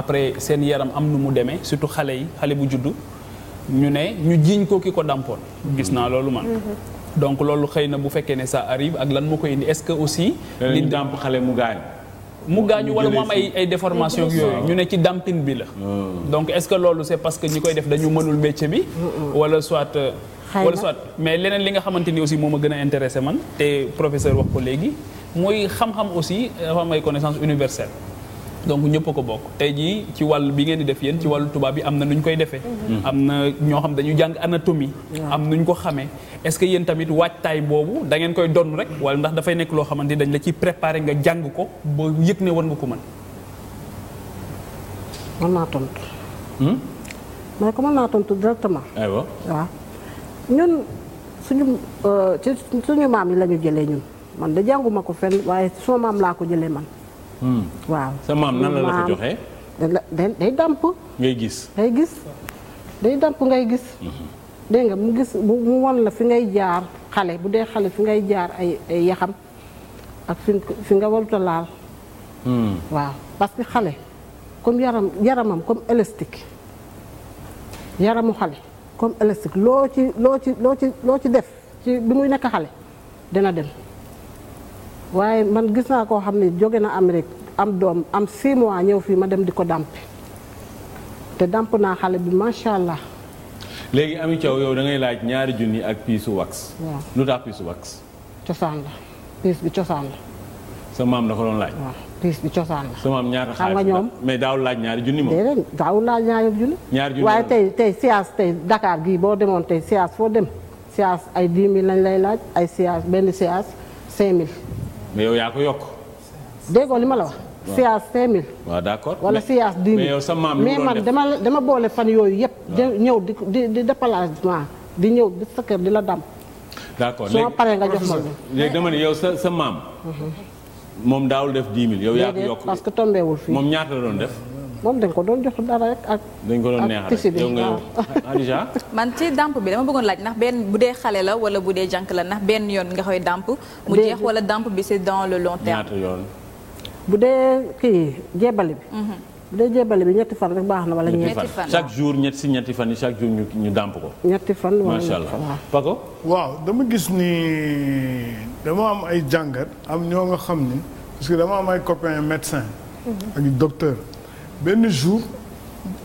après seen yaram am nu mu demee surtout xale yi xale bu juddu ñu ne ñu jiiñ ko ki ko dàmpoon. gis naa loolu man. Mm-hmm. donc loolu xëy na bu fekkee ne ça arrive ak lan moo koy indi est-ce que aussi. Euh, li dàmp xale mu gaañ. mu gaañu wala mu am ay ay déformation yooyu ñu ne ci dampin bi la. Ah. donc est-ce que loolu c'est parce que ñi koy def dañu mënul métier bi. wala soit. Euh, wala soit mais leneen li nga xamante ni aussi moom ma gën a intéressé man te professeur wax ko léegi mooy xam-xam aussi dafa am ay connaissances universelles. donc ñëpp ko bokk tey jii ci wàll bi ngeen di def yéen ci wàllu tubaab bi am na nu ñu koy defee. Mhm. am na ñoo xam dañu jàng anatomie. am nu ñu ko xamee est-ce que yéen tamit waajtaay boobu dangeen koy donn rek wala ndax dafay nekk loo xamante ni dañ la ciy préparer nga jàng ko ba yëg ne wan nga ko mën. mën naa tontu. Hmm? mais ko mën naa tontu directement. aywa ah waaw ñun suñu euh, ci suñu maam yi la ñu jëlee ñun man de jànguma ko fenn waaye suma maam laa ko jëlee man. Hmm. waaw sa maam nan la la ko joxee. day dàmp. ngay gis day gis day dàmp ngay gis. Hmm. dégg nga mu gis mu won la fi ngay jaar xale bu dee xale fi ngay jaar ay ay yaxam ak fi fi nga warut a laal. Hmm. waaw parce que xale comme yaram yaramam comme élastique yaramu xale comme élastique loo ci loo ci loo ci loo ci def ci bi muy nekk xale dina dem. waaye man gis naa koo xam ne jóge na am rek am doom am 6 mois ñëw fii ma dem di ko dàmp te dàmp naa xale bi macha allah. léegi Ami Thiaw yow da ngay laaj ñaari junni ak piisu wax. waaw lu tax piisu wax. cosaan la piis bi cosaan la. sa maam da ko doon laaj. waaw piis bi cosaan la. sa maam a xaalis xam nga ñoom mais daawul laaj ñaari junni moom. déedéet daawul laaj ñaari junni. waaye tey tey siyaas tey Dakar gii boo demoon tey siyaas foo dem siyaas ay 10 000 lañ lay laaj ay siyaas benn siyaas 5 000. mais yow yaa ko yokk. déggoo li ma la wax. waaw siyaas 5000. waaw d'accord wala siyaas 10 000 sa maam mais man dama dama boole fan yooyu yëpp. waaw ñëw di di di déplacement di ñëw di sa kër di la dam. d'accord léegi soo paree nga jox ma léegi dama ne yow sa sa maam. Mhm. moom daawul def 10 000 yow yaa ko yokk parce que tombéwul fii moom ñaata la doon def. moom dañ ko doon jox dara rek ak. dañ ko doon neexal rek yow nga Adja ah. man ci dàmp bi dama laaj ndax benn bu dee xale la wala bu dee jànk la ndax benn yoon nga koy dàmp. mu jeex wala dàmp bi c'est dans le long terme. yoon. bu dee kii jébali bi. Mhm. bu dee bi ñetti fan rek baax na wala ñetti fan chaque jour ñetti si ñetti fan yi chaque ñu ñu dàmp ko. ñetti fan wala macha allah Paco. waaw dama gis ni dama am ay jàngat am ñoo xam ni parce que dama am ay copains médecin mhm. ak docteur benn jour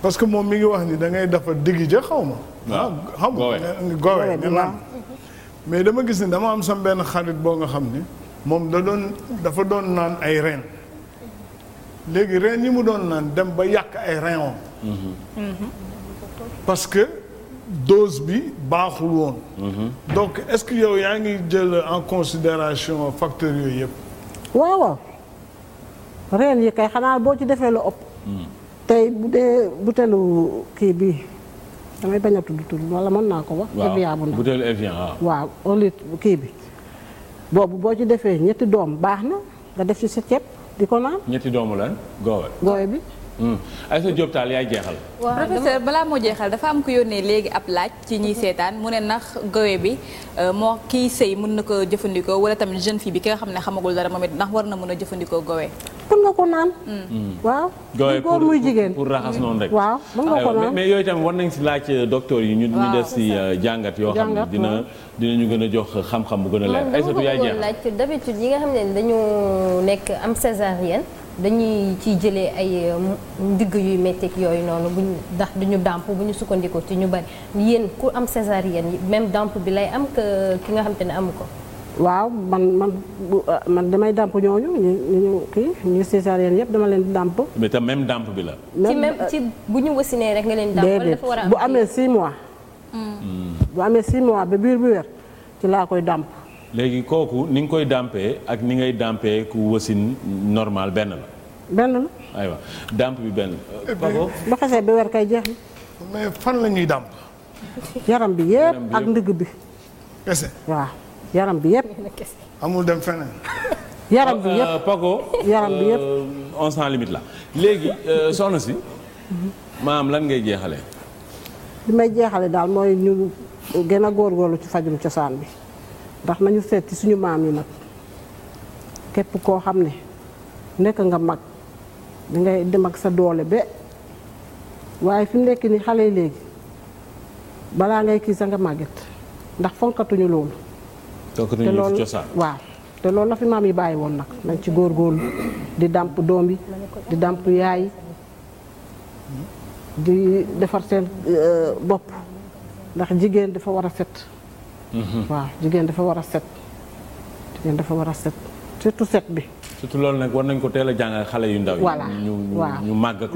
parce que moom mi ngi wax ni da ngay dafa digg ja xaw ma. waaw ah, xam nga gowe nga naan mais dama gis ni dama am sam benn xarit boo nga xam ni moom da doon dafa doon naan ay reen léegi reen yi mu doon naan dem ba yàq ay renon mhm. mm-hmm. parce que dose bi baaxul woon mhm. donc est-ce que yow yaa ngi jël en considération facteur yooyu yëpp waaw waaw reen yi kay xanaa boo ci defee la ëpp tey bu dee butéelu kii bi damay bañ a tudd tur wala mën naa ko wax. Evian bu ndaw butéelu Evian waaw au litre kii bi boobu boo ci defee ñetti doom baax na nga def ci sa ceeb di ko naan. ñetti doomu lan goowe. goowe bi. Hmm. Aïssa Diop Tall yaay jeexal. waaw balaa moo jeexal dafa am ko yónnee léegi ab laaj ci ñiy seetaan mu ne ndax gawe bi euh, moo kii sëy mën na ko jëfandikoo wala tamit jeune fii bi ki nga xam ne xamagul dara moom it war na mën a jëfandikoo gawe. mën nga ko naan. Hmm. Hmm. waaw góor pour muy jigéen pour raxas noonu rek. waaw mën nga ko naan mais yooyu tamit war nañ si laaj euh, doctor yi. ñu ñu def si euh, jàngat yoo xam ne dina ñu gën a jox xam-xam bu gën a leer. Aïssatou yaay jeexal d'habitude yi nga xam ne dañu nekk am césarienne dañuy ci jëlee ay euh, digg yuy métteeg yooyu noonu buñ ndax duñu dàmp bu ñu sukkandiku ci ñu bari yéen ku am césarienne même dàmp bi lay am ki nga xam te ne amu ko. waaw man man euh, man damay dàmp ñooñu ñu ñu kii ñu césarienne yëpp dama leen dàmp. mais tam même dàmp bi la. ci même bu ñu wasinee rek nga leen dàmp. wala bu amee 6 mois. Hmm. Hmm. bu amee 6 mois bi weer ci laa koy dàmp. léegi kooku ni nga koy dàmpee ak ni ngay dàmpee ku wasin normal benn la. benn la. dàmp bi benn la. Eh, ba xasee bi weer kay jeex na. mais fan la ñuy dàmp. yaram bi yëpp ak ndigg bi. kese waa yaram bi yëpp. amul dem feneen. yaram bi yëpp euh, Paco. yaram bi yëpp euh, on sans limite la léegi euh, soxna si. maam lan ngay jeexale li may jeexale daal mooy ñu gën a góorgóorlu ci fajum cosaan bi. ndax nañu seet ci suñu maam yi nag képp koo xam ne nekk nga mag dangay dem ak sa doole be waaye fi mu nekk ni xale léegi balaa ngay kii sa nga màgget ndax fonkatuñu loolu te loolu waaw te loolu la fi maam yi bàyyi woon nag nañ ci góorgóorlu di dàmp doom yi di dàmp yaay di defar seen eh, bopp ndax jigéen dafa war a set waaw jigéen dafa war a set jigéen dafa war a set surtout set bi. surtout loolu nag war nañ ko teel a jàngal xale yu ndaw yi. ñu ñu màgg ak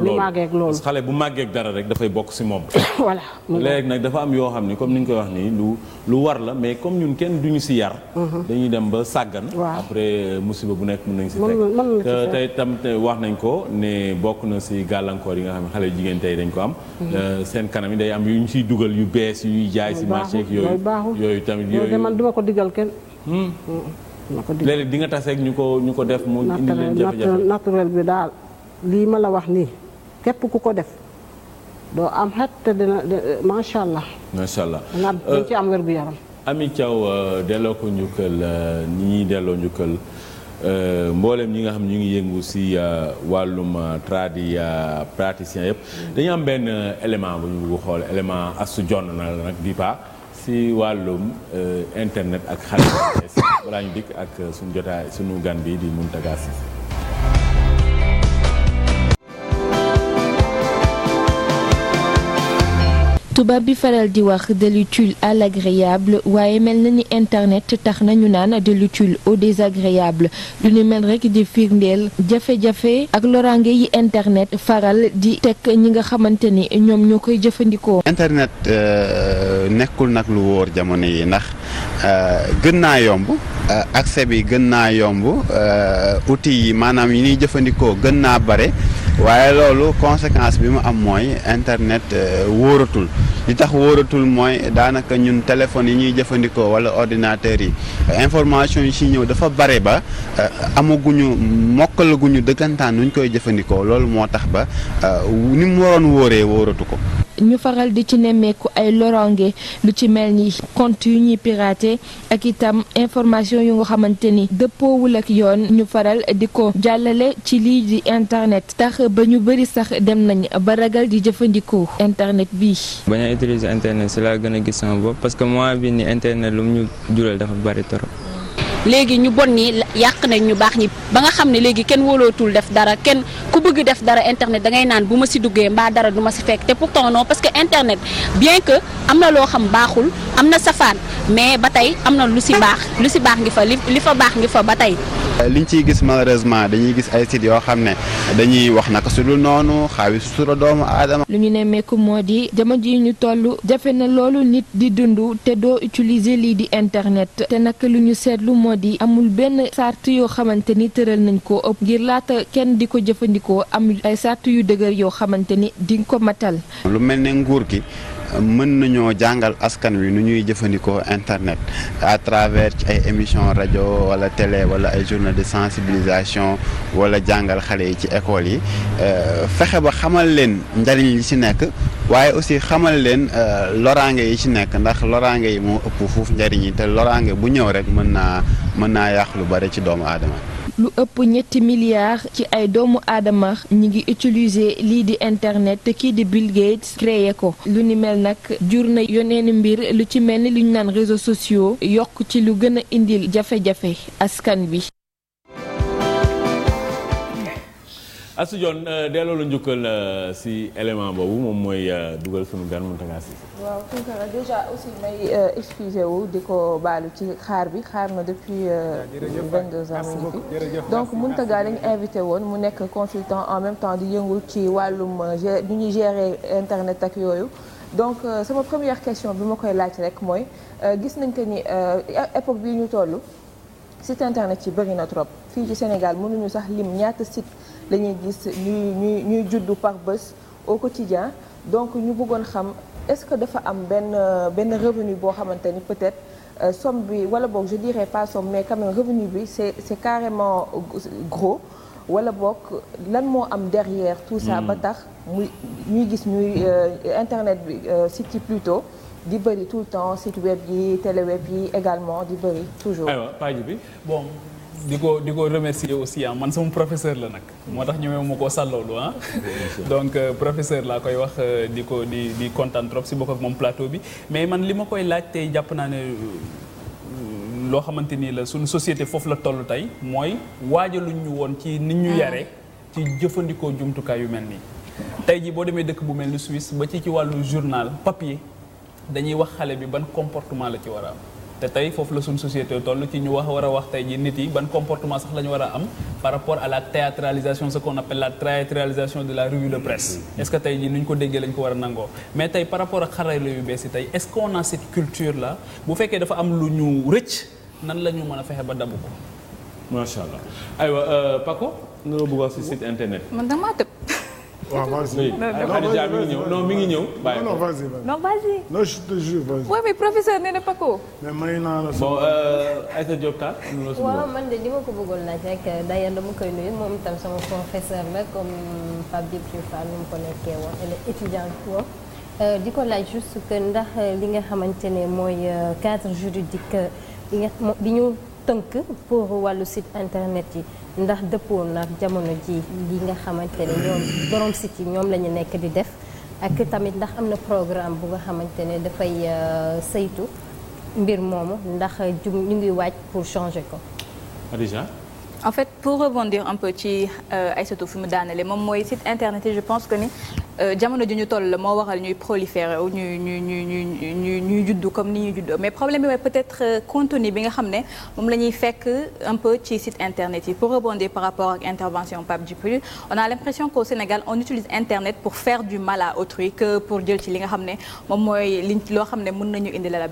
loolu xale bu màggee dara rek dafay bokk si moom. voilà léegi nag dafa am yoo xam ni comme ni ñu koy wax nii lu lu war la mais comme ñun kenn duñu si yar. Mm-hmm. dañuy dem ba sàggan. après euh, musiba bu nekk mun nañ si fekk. tey tam te wax nañ ko ne bokk na si gàllankoor yi nga xam ne xale jigéen tey dañ ko am. Mm-hmm. Euh, seen kanam yi day am yu ñu siy dugal yu bees yu ñuy jaay si marché ak yooyu. yooyu tamit yooyu man léeg-léeg di nga taseeg ñu ko ñu ko def mu indi leen jafe-jafe naturel bi daal lii ma la wax nii képp ku ko def doo am xet te dina macha allah. macha allah dina ci am wér gu yaram. Ami Thiaw euh, delloo ko njukkal euh, ni ñuy delloo njukkal euh, mboolem ñi nga xam ñu ngi yëngu si wàllum tradi praticien yëpp mm. dañu am benn élément bu ñu bëgg xool élément asu jonn na la nag bi paa si wàllum euh, internet ak xale balaa ñu dikk ak euh, suñu jotaay suñu gan bi di Mountaga Cissé tubaab bi faral di wax de l'utile à l'agréable waaye mel na ni internet tax nañu naan de l'utile au désagréable lu ni mel rek di firndeel jafe-jafe ak loraange yi internet faral di teg ñi nga xamante ni ñoom ñoo koy jëfandikoo. internet euh, nekkul nag lu wóor jamono yi ndax. Euh, gën naa yomb euh, accès bi gën naa yomb euh, outils yi maanaam yi ñuy jëfandikoo gën naa bare waaye loolu conséquence bi mu am mooy internet wóoratul li tax wóoratul mooy daanaka ñun téléphone yi ñuy jëfandikoo wala ordinateur yi information yi ci ñëw dafa bare ba amaguñu mokkalaguñu dëggantaan nuñ koy jëfandikoo loolu moo tax ba ni mu waroon wóoree wóoratu ko ñu faral di ci nemmeeku ay lorange lu ci mel ni compte yu ñuy piraté ak itam information yu nga xamante ni dëppoowul ak yoon ñu faral di ko jàllale ci lii di internet tax ba ñu bari sax dem nañ ba ragal di jëfandikoo internet bi bañ a utiliser internet si laa gën a gis sama bopp parce que mois bi ni internet lu mu ñu jural dafa bari torop léegi ñu bon ñi yàq nañ ñu baax ñi ba nga xam ne léegi kenn wóolootul def dara kenn ku bëgg def dara internet da ngay naan bu ma si duggee mbaa dara du ma si fekk te pourtant non parce que internet bien que am na loo xam baaxul am na safaan mais ba tey am na lu si baax lu si baax ngi fa li fa baax ngi fa ba tey. liñ ciy gis malheureusement dañuy gis ay sites yoo xam ne dañuy wax naka su dul noonu xaawi sutura doomu aadama. lu ñu nemmeeku moo di jamono ji ñu toll jafe na loolu nit di dund te doo utiliser lii di internet te nag lu ñu seetlu mooy moo di amul benn sart yoo xamante ni tëral nañ ko ngir laata kenn di ko jëfandikoo am ay sart yu dëgër yoo xamante ni di ko matal. lu mel ne nguur gi mën nañoo jàngal askan wi nu ñuy jëfandikoo internet à travers ci ay émission rajo wala télé wala ay journée de sensibilisation wala jàngal xale yi ci école yi euh, fexe ba xamal leen njariñ li ci nekk waaye aussi xamal leen euh, loraange yi ci nekk ndax loraange yi moo ëpp fuuf njariñ yi te loraange bu ñëw rek mën naa mën naa yàq lu bare ci doomu aadama lu ëpp ñetti milliards ci ay doomu aadama ñi ngi utiliser lii di internet te kii di Bill Gates créé ko lu ni mel nag jur na yoneeni mbir lu ci mel ni lu naan réseau sociaux yokk ci lu gën a indil jafe-jafe askan bi Astou Dione euh, delloo la njukkal euh, si élément boobu moom mooy euh, dugal sunu gan Mountaga Cissé. waaw Tounkara déjà di ko baalu ci xaar bi xaar na depuis. Ah, jërëjëf 22 ans fi donc Mountaga lañ invité woon mu nekk consultant en même temps di yëngu ci wàllum nu ñuy gérer internet ak yooyu. donc sama première question bi ma koy laaj rek mooy gis nañ que ni époque bii ñu toll site internet yi bëri na trop fii ci Sénégal mënuñu sax lim ñaata site. la ñuy gis ñuy ñuy ñuy juddu par bés au quotidien donc ñu bëggoon xam est-ce que dafa am benn benn revenu boo xamante ni peut-être euh, somme bi wala boog je dirais pas somme mais quand même revenu bi c'est c'est carrément gros wala book lan moo am derrière tout ça hmm. ba tax muy ñuy gis ñuy euh, internet bi euh, site yi plutôt di bëri tout le temps site web yi télé web yi également di bëri toujours aywa bi bon di ko di ko remercier aussi ah man sama professeur la nag moo tax ñëwee ma ko sàlloolu ah donc euh, professeur laa koy wax euh, di ko di di kontaan trop si bokk ak moom plateau bi mais man li ma koy laaj tey jàpp naa ne euh, loo xamante nii la suñu société foofu la toll tey mooy waajaluñ ñu woon ci nit ñu ah. yare ci jëfandikoo jumtukaay yu mel nii tey jii boo demee dëkk bu mel ni Suisse ba ci ci wàllu journal papier dañuy wax xale bi ban comportement la ci war te tey foofu la suñu société toll ci ñu wax war a wax tey ji nit yi ban comportement sax la ñu war am par rapport à la théâtralisation ce qu'on appelle la théâtralisation de la revue de presse mm-hmm. est-ce que tey ji ni ñu ko déggee la ko war a nangoo mais tey par rapport ak xarala yu bees yi tey est-ce qu'on a cette culture là bu fekkee dafa am lu ñu rëcc nan la ñu mën a fexe ba dabu ko macha allah aywa euh, Paco nga bëgg wax si site internet man waaw vas-y Khadija ah, mi ngi ñëw non mi ngi ñëw. bàyyi non vas-y non vas-y. non je te jure vas-y. oui mais professeur nee na Paco. mais may naa la. bon euh, Aïssa Diop Tall. waaw man de li ma ko bëggoon laaj rek d'ailleurs dama koy nuyu moom itam sama professeur la comme Pape Djibril Fall ni mu ko nekkee woon elle est étudiante woon. Euh, di ko laaj juste que ndax euh, li nga xamante ne mooy cadre juridique bi nga bi ñu tënk pour wàllu site internet yi. ndax dëppoon nag jamono ji li nga xamante ne ñoom borom yi ñoom la nekk di def ak tamit ndax am na programme bu nga xamante ne dafay euh, saytu mbir moomu ndax jum ñu ngi waaj pour changer ko Adja en fait pour rebondir un peu ci euh, Aïssatou fi mu daanale moom mooy site internet yi je pense que ni Euh, jamono ji ñu toll la moo waral ñuy proliférer wu ñuy ñuy ñuy ñuy ñuy juddu comme ni ñuy juddoo mais problème bi mooy peut-être euh, contenu bi nga xam ne moom la ñuy fekk un peu ci site internet yi pour rebondir par rapport ak intervention Pape Djibril on a l'impression qu'au Sénégal on utilise internet pour faire du mal à autrui que pour jël ci li nga xam ne moom mooy liñ loo xam ne mën nañu indi la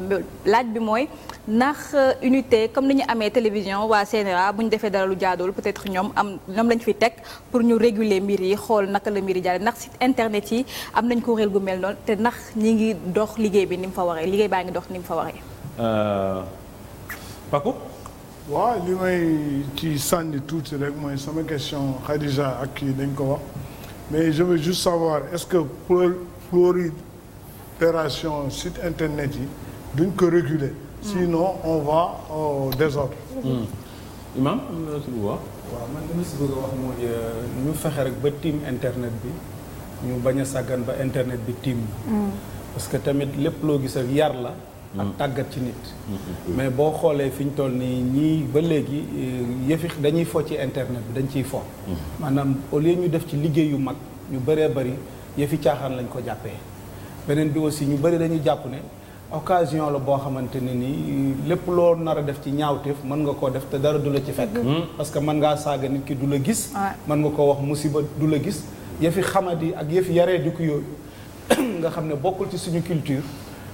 laaj bi mooy ndax euh, unité comme ni ñu amee télévision waa CNRA bu ñu defee dara lu jaadool peut-être ñoom am ñoom lañ fi teg pour ñu réguler mbir yi xool naka la mbir yi jaaree ndax site internet internet yi am nañ ko gu mel noonu te ndax ñi ngi dox liggéey bi ni mu fa waree liggéey baa ngi dox ni mu fa waree. Euh, Paco. waaw li may ci sànni tuuti rek mooy sama question Khadija ak kii dañ ko wax mais je veux juste savoir est-ce que prolifération site internet yi duñ ko réguler. Mm. sinon on va au désordre. Mm. Imam am si bëgg a wax. waaw man euh, fexe rek ba tiim internet bi. ñu bañ a sàggan ba internet bi tiim parce que tamit lépp loo gis ak yar la ak mm. tàggat ci nit mm-hmm. mais boo xoolee fi ñu toll nii ñii ba léegi eh, yëfi dañuy fo ci internet bi dañ ciy fo mm-hmm. maanaam au lieu ñu def ci liggéey yu mag ñu bëree bëri yëfi caaxaan lañ ko jàppee beneen bi aussi ñu bëri dañu jàpp ne occasion la boo xamante ne nii lépp loo nar a def ci ñaaw ñaawteef mën nga koo def te dara du la ci fekk mm-hmm. parce que mën ngaa saaga nit ki du la gis mën nga koo wax musiba du la gis yëfi xamadi ak yëfi yaree di ko yooyu nga xam ne bokkul ci suñu culture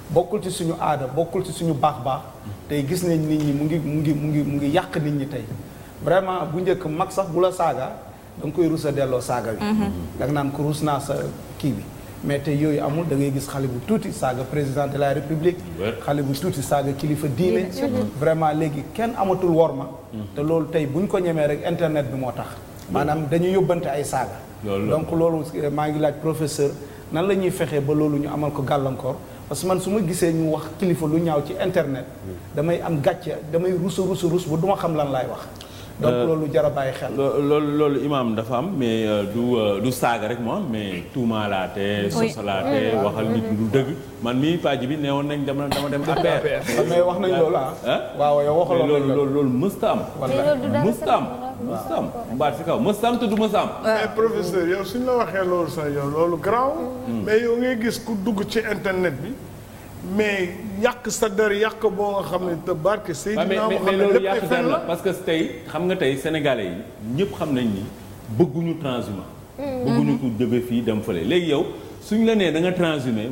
bokkul ci suñu aada bokkul ci suñu baax baax tey gis nañ nit ñi mu ngi mu ngi mu ngi mu ngi yàq nit ñi tey vraiment bu njëkk mag sax bu la saaga da nga koy a delloo saaga bi mhm. da naan ko ruus naa sa kii bi mais te yooyu amul da ngay gis xale bu tuuti saaga président de la république xale bu tuuti saaga kilifa diine vraiment léegi kenn amatul worma mhm. te loolu tey buñ ko ñemee rek internet bi moo tax maanaam dañu yóbbante ay saaga donc loolu maa ngi laaj professeur nan la ñuy fexee ba loolu ñu amal ko gàllankoor parce que man su ma gisee ñu wax kilifa lu ñaaw ci internet hmm. damay am gàcce damay rusa rusa rus ba duma xam lan laay wax donc euh, loolu jar a bàyyi xel. loolu loolu imaam dafa am mais euh, du euh, du saaga rek moo am mais tuumaalaate. sosalaate waxal nit du dëgg. man mii pàcc bi woon nañ dama dem affaire. Ah, mais wax nañ ah. loolu ah. ah. waaw yow waxaloon nañ loolu loolu mësta am. mësta am mësta am mbaat si kaw mësta am te du mësta am. mais professeur yow suñ la waxee loolu sax yow loolu garaaw. Hmm. mais yow ngay gis ku dugg ci internet bi. mais yàq sa der yàq boo nga xam ne te barke Seydina Muhammad mais loolu yàq der la parce que tey xam nga tey sénégalais yi ñëpp xam nañ ni bëgguñu transhumant mm. bëgguñu mm-hmm. ko jóge fii dem fële léegi yow suñ la nee da nga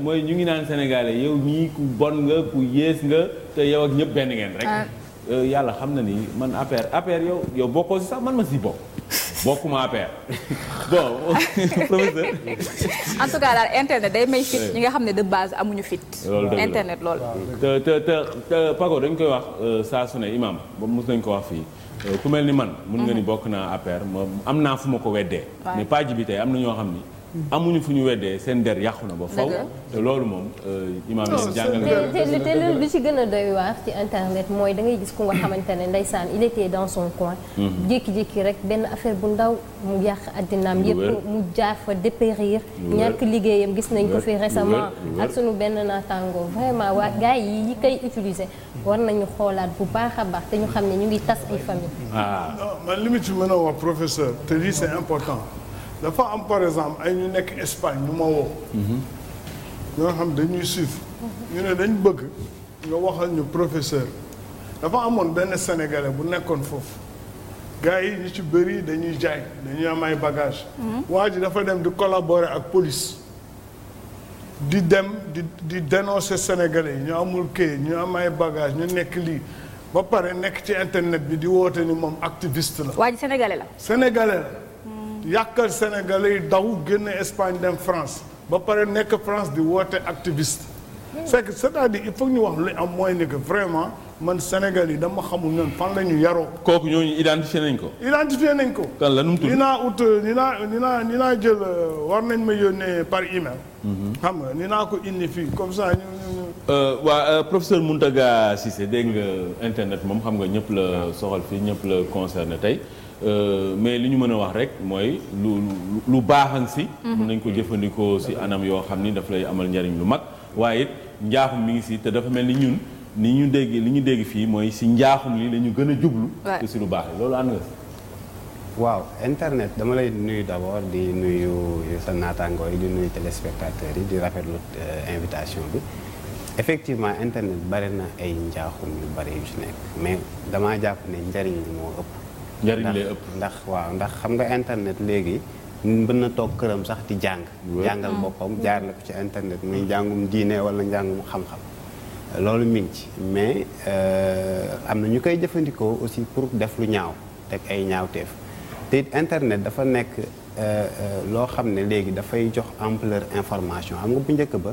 mooy ñu ngi naan sénégalais yow ñii ku bon nga ku yées nga te yow ak ñëpp benn ngeen rek euh, yàlla xam na ni man affaire affaire yow yow bokkoo si sax man ma si bokk bokkuma APR bon professeur. en tout cas daal internet day may fit ñi nga xam ne de base amuñu fit. internet lool. te te te Pago dañ koy wax euh, saa su ne imam ba mos nañ ko wax fii euh, ku mel ni man. mun nga ni bokk naa APR ma am naa fu ma ko weddee. mais pàcc bi tey am na ñoo xam ni. amuñu fu ñu weddee seen der yàqu na ba faw te loolu moom imaam leen jàngal te bi ci gën a doy waar ci internet mooy da ngay gis ku nga xamante ne ndeysaan il était dans son coin mhm. jékki-jékki rek benn affaire bu ndaw mu yàq addinaam yëpp mu jaafa dépérir ñàkk liggéeyam gis nañ ko fi récemment ak suñu benn naataango vraiment waa gars yi yi koy utiliser war nañu xoolaat bu baax a baax te ñu xam ne ñu ngi tas ay famille ah man li mu ci mën a wax professeur te lii c'est dafa am par exemple ay ñu nekk Espagne ñu ma woo. ñoo xam dañuy suivre. ñu ne dañ bëgg nga waxal ñu professeur dafa amoon benn sénégalais bu nekkoon foofu gars yi ñu ci bëri dañuy jaay dañuy am bagage mhm. waa ji dafa dem di collaborer ak police di dem di di dénoncer sénégalais yi ñu amul kay ñu am ay bagage ñu nekk lii ba pare nekk ci internet bi di woote ni moom activiste la. waa ji sénégalais la. sénégalais la. yàkkal sénégalais yi daw génne Espagne dem France ba pare nekk France di woote activiste hmm. c'est que cest à il faut ñu wax lu am mooy ni que vraiment man Sénégal yi dama xamul ñoom fan la ñu yaroo. kooku ñooñu identifié nañ ko. identifié nañ ko. kan la nu mu tudd dinaa ut dinaa dinaa dinaa jël euh, war nañ ma yónnee par email. Mhm. xam nga naa ko indi fii comme ça euh, waa euh, professeur Mountaga Cissé dégg nga internet moom xam nga ñëpp la soxal fii ñëpp la concerné tey. Euh, mais li ñu mën a wax rek mooy lu lu baaxan si mhm. mën nañ ko jëfandikoo si anam yoo xam ni daf lay amal njariñ lu mag waaye it njaaxum mi ngi si te dafa mel ni ñun ni ñu dégg li ñu dégg fii mooy si njaaxum li la gën a jublu te si lu baax li loolu ànd nga si waaw internet dama lay nuyu d'abord di nuyu sa naataangoo yi di nuyu téléspectateurs yi di rafetlu euh, invitation bi effectivement internet bari na ay njaaxum yu bari yu ci nekk mais damaa jàpp ne njariñ li moo ëpp njëriñ lay ëpp ndax waaw ndax xam nga internet léegi mën na toog këram sax di jàng jàngal mm. boppam jaar la ko ci internet muy njàngum diine wala njàngum xam-xam loolu mi ci mais euh, am na ñu koy jëfandikoo aussi pour def lu ñaaw teg ay ñaawteef te internet dafa nekk euh, euh, loo xam ne léegi dafay jox ampleur information am nga bu njëkk ba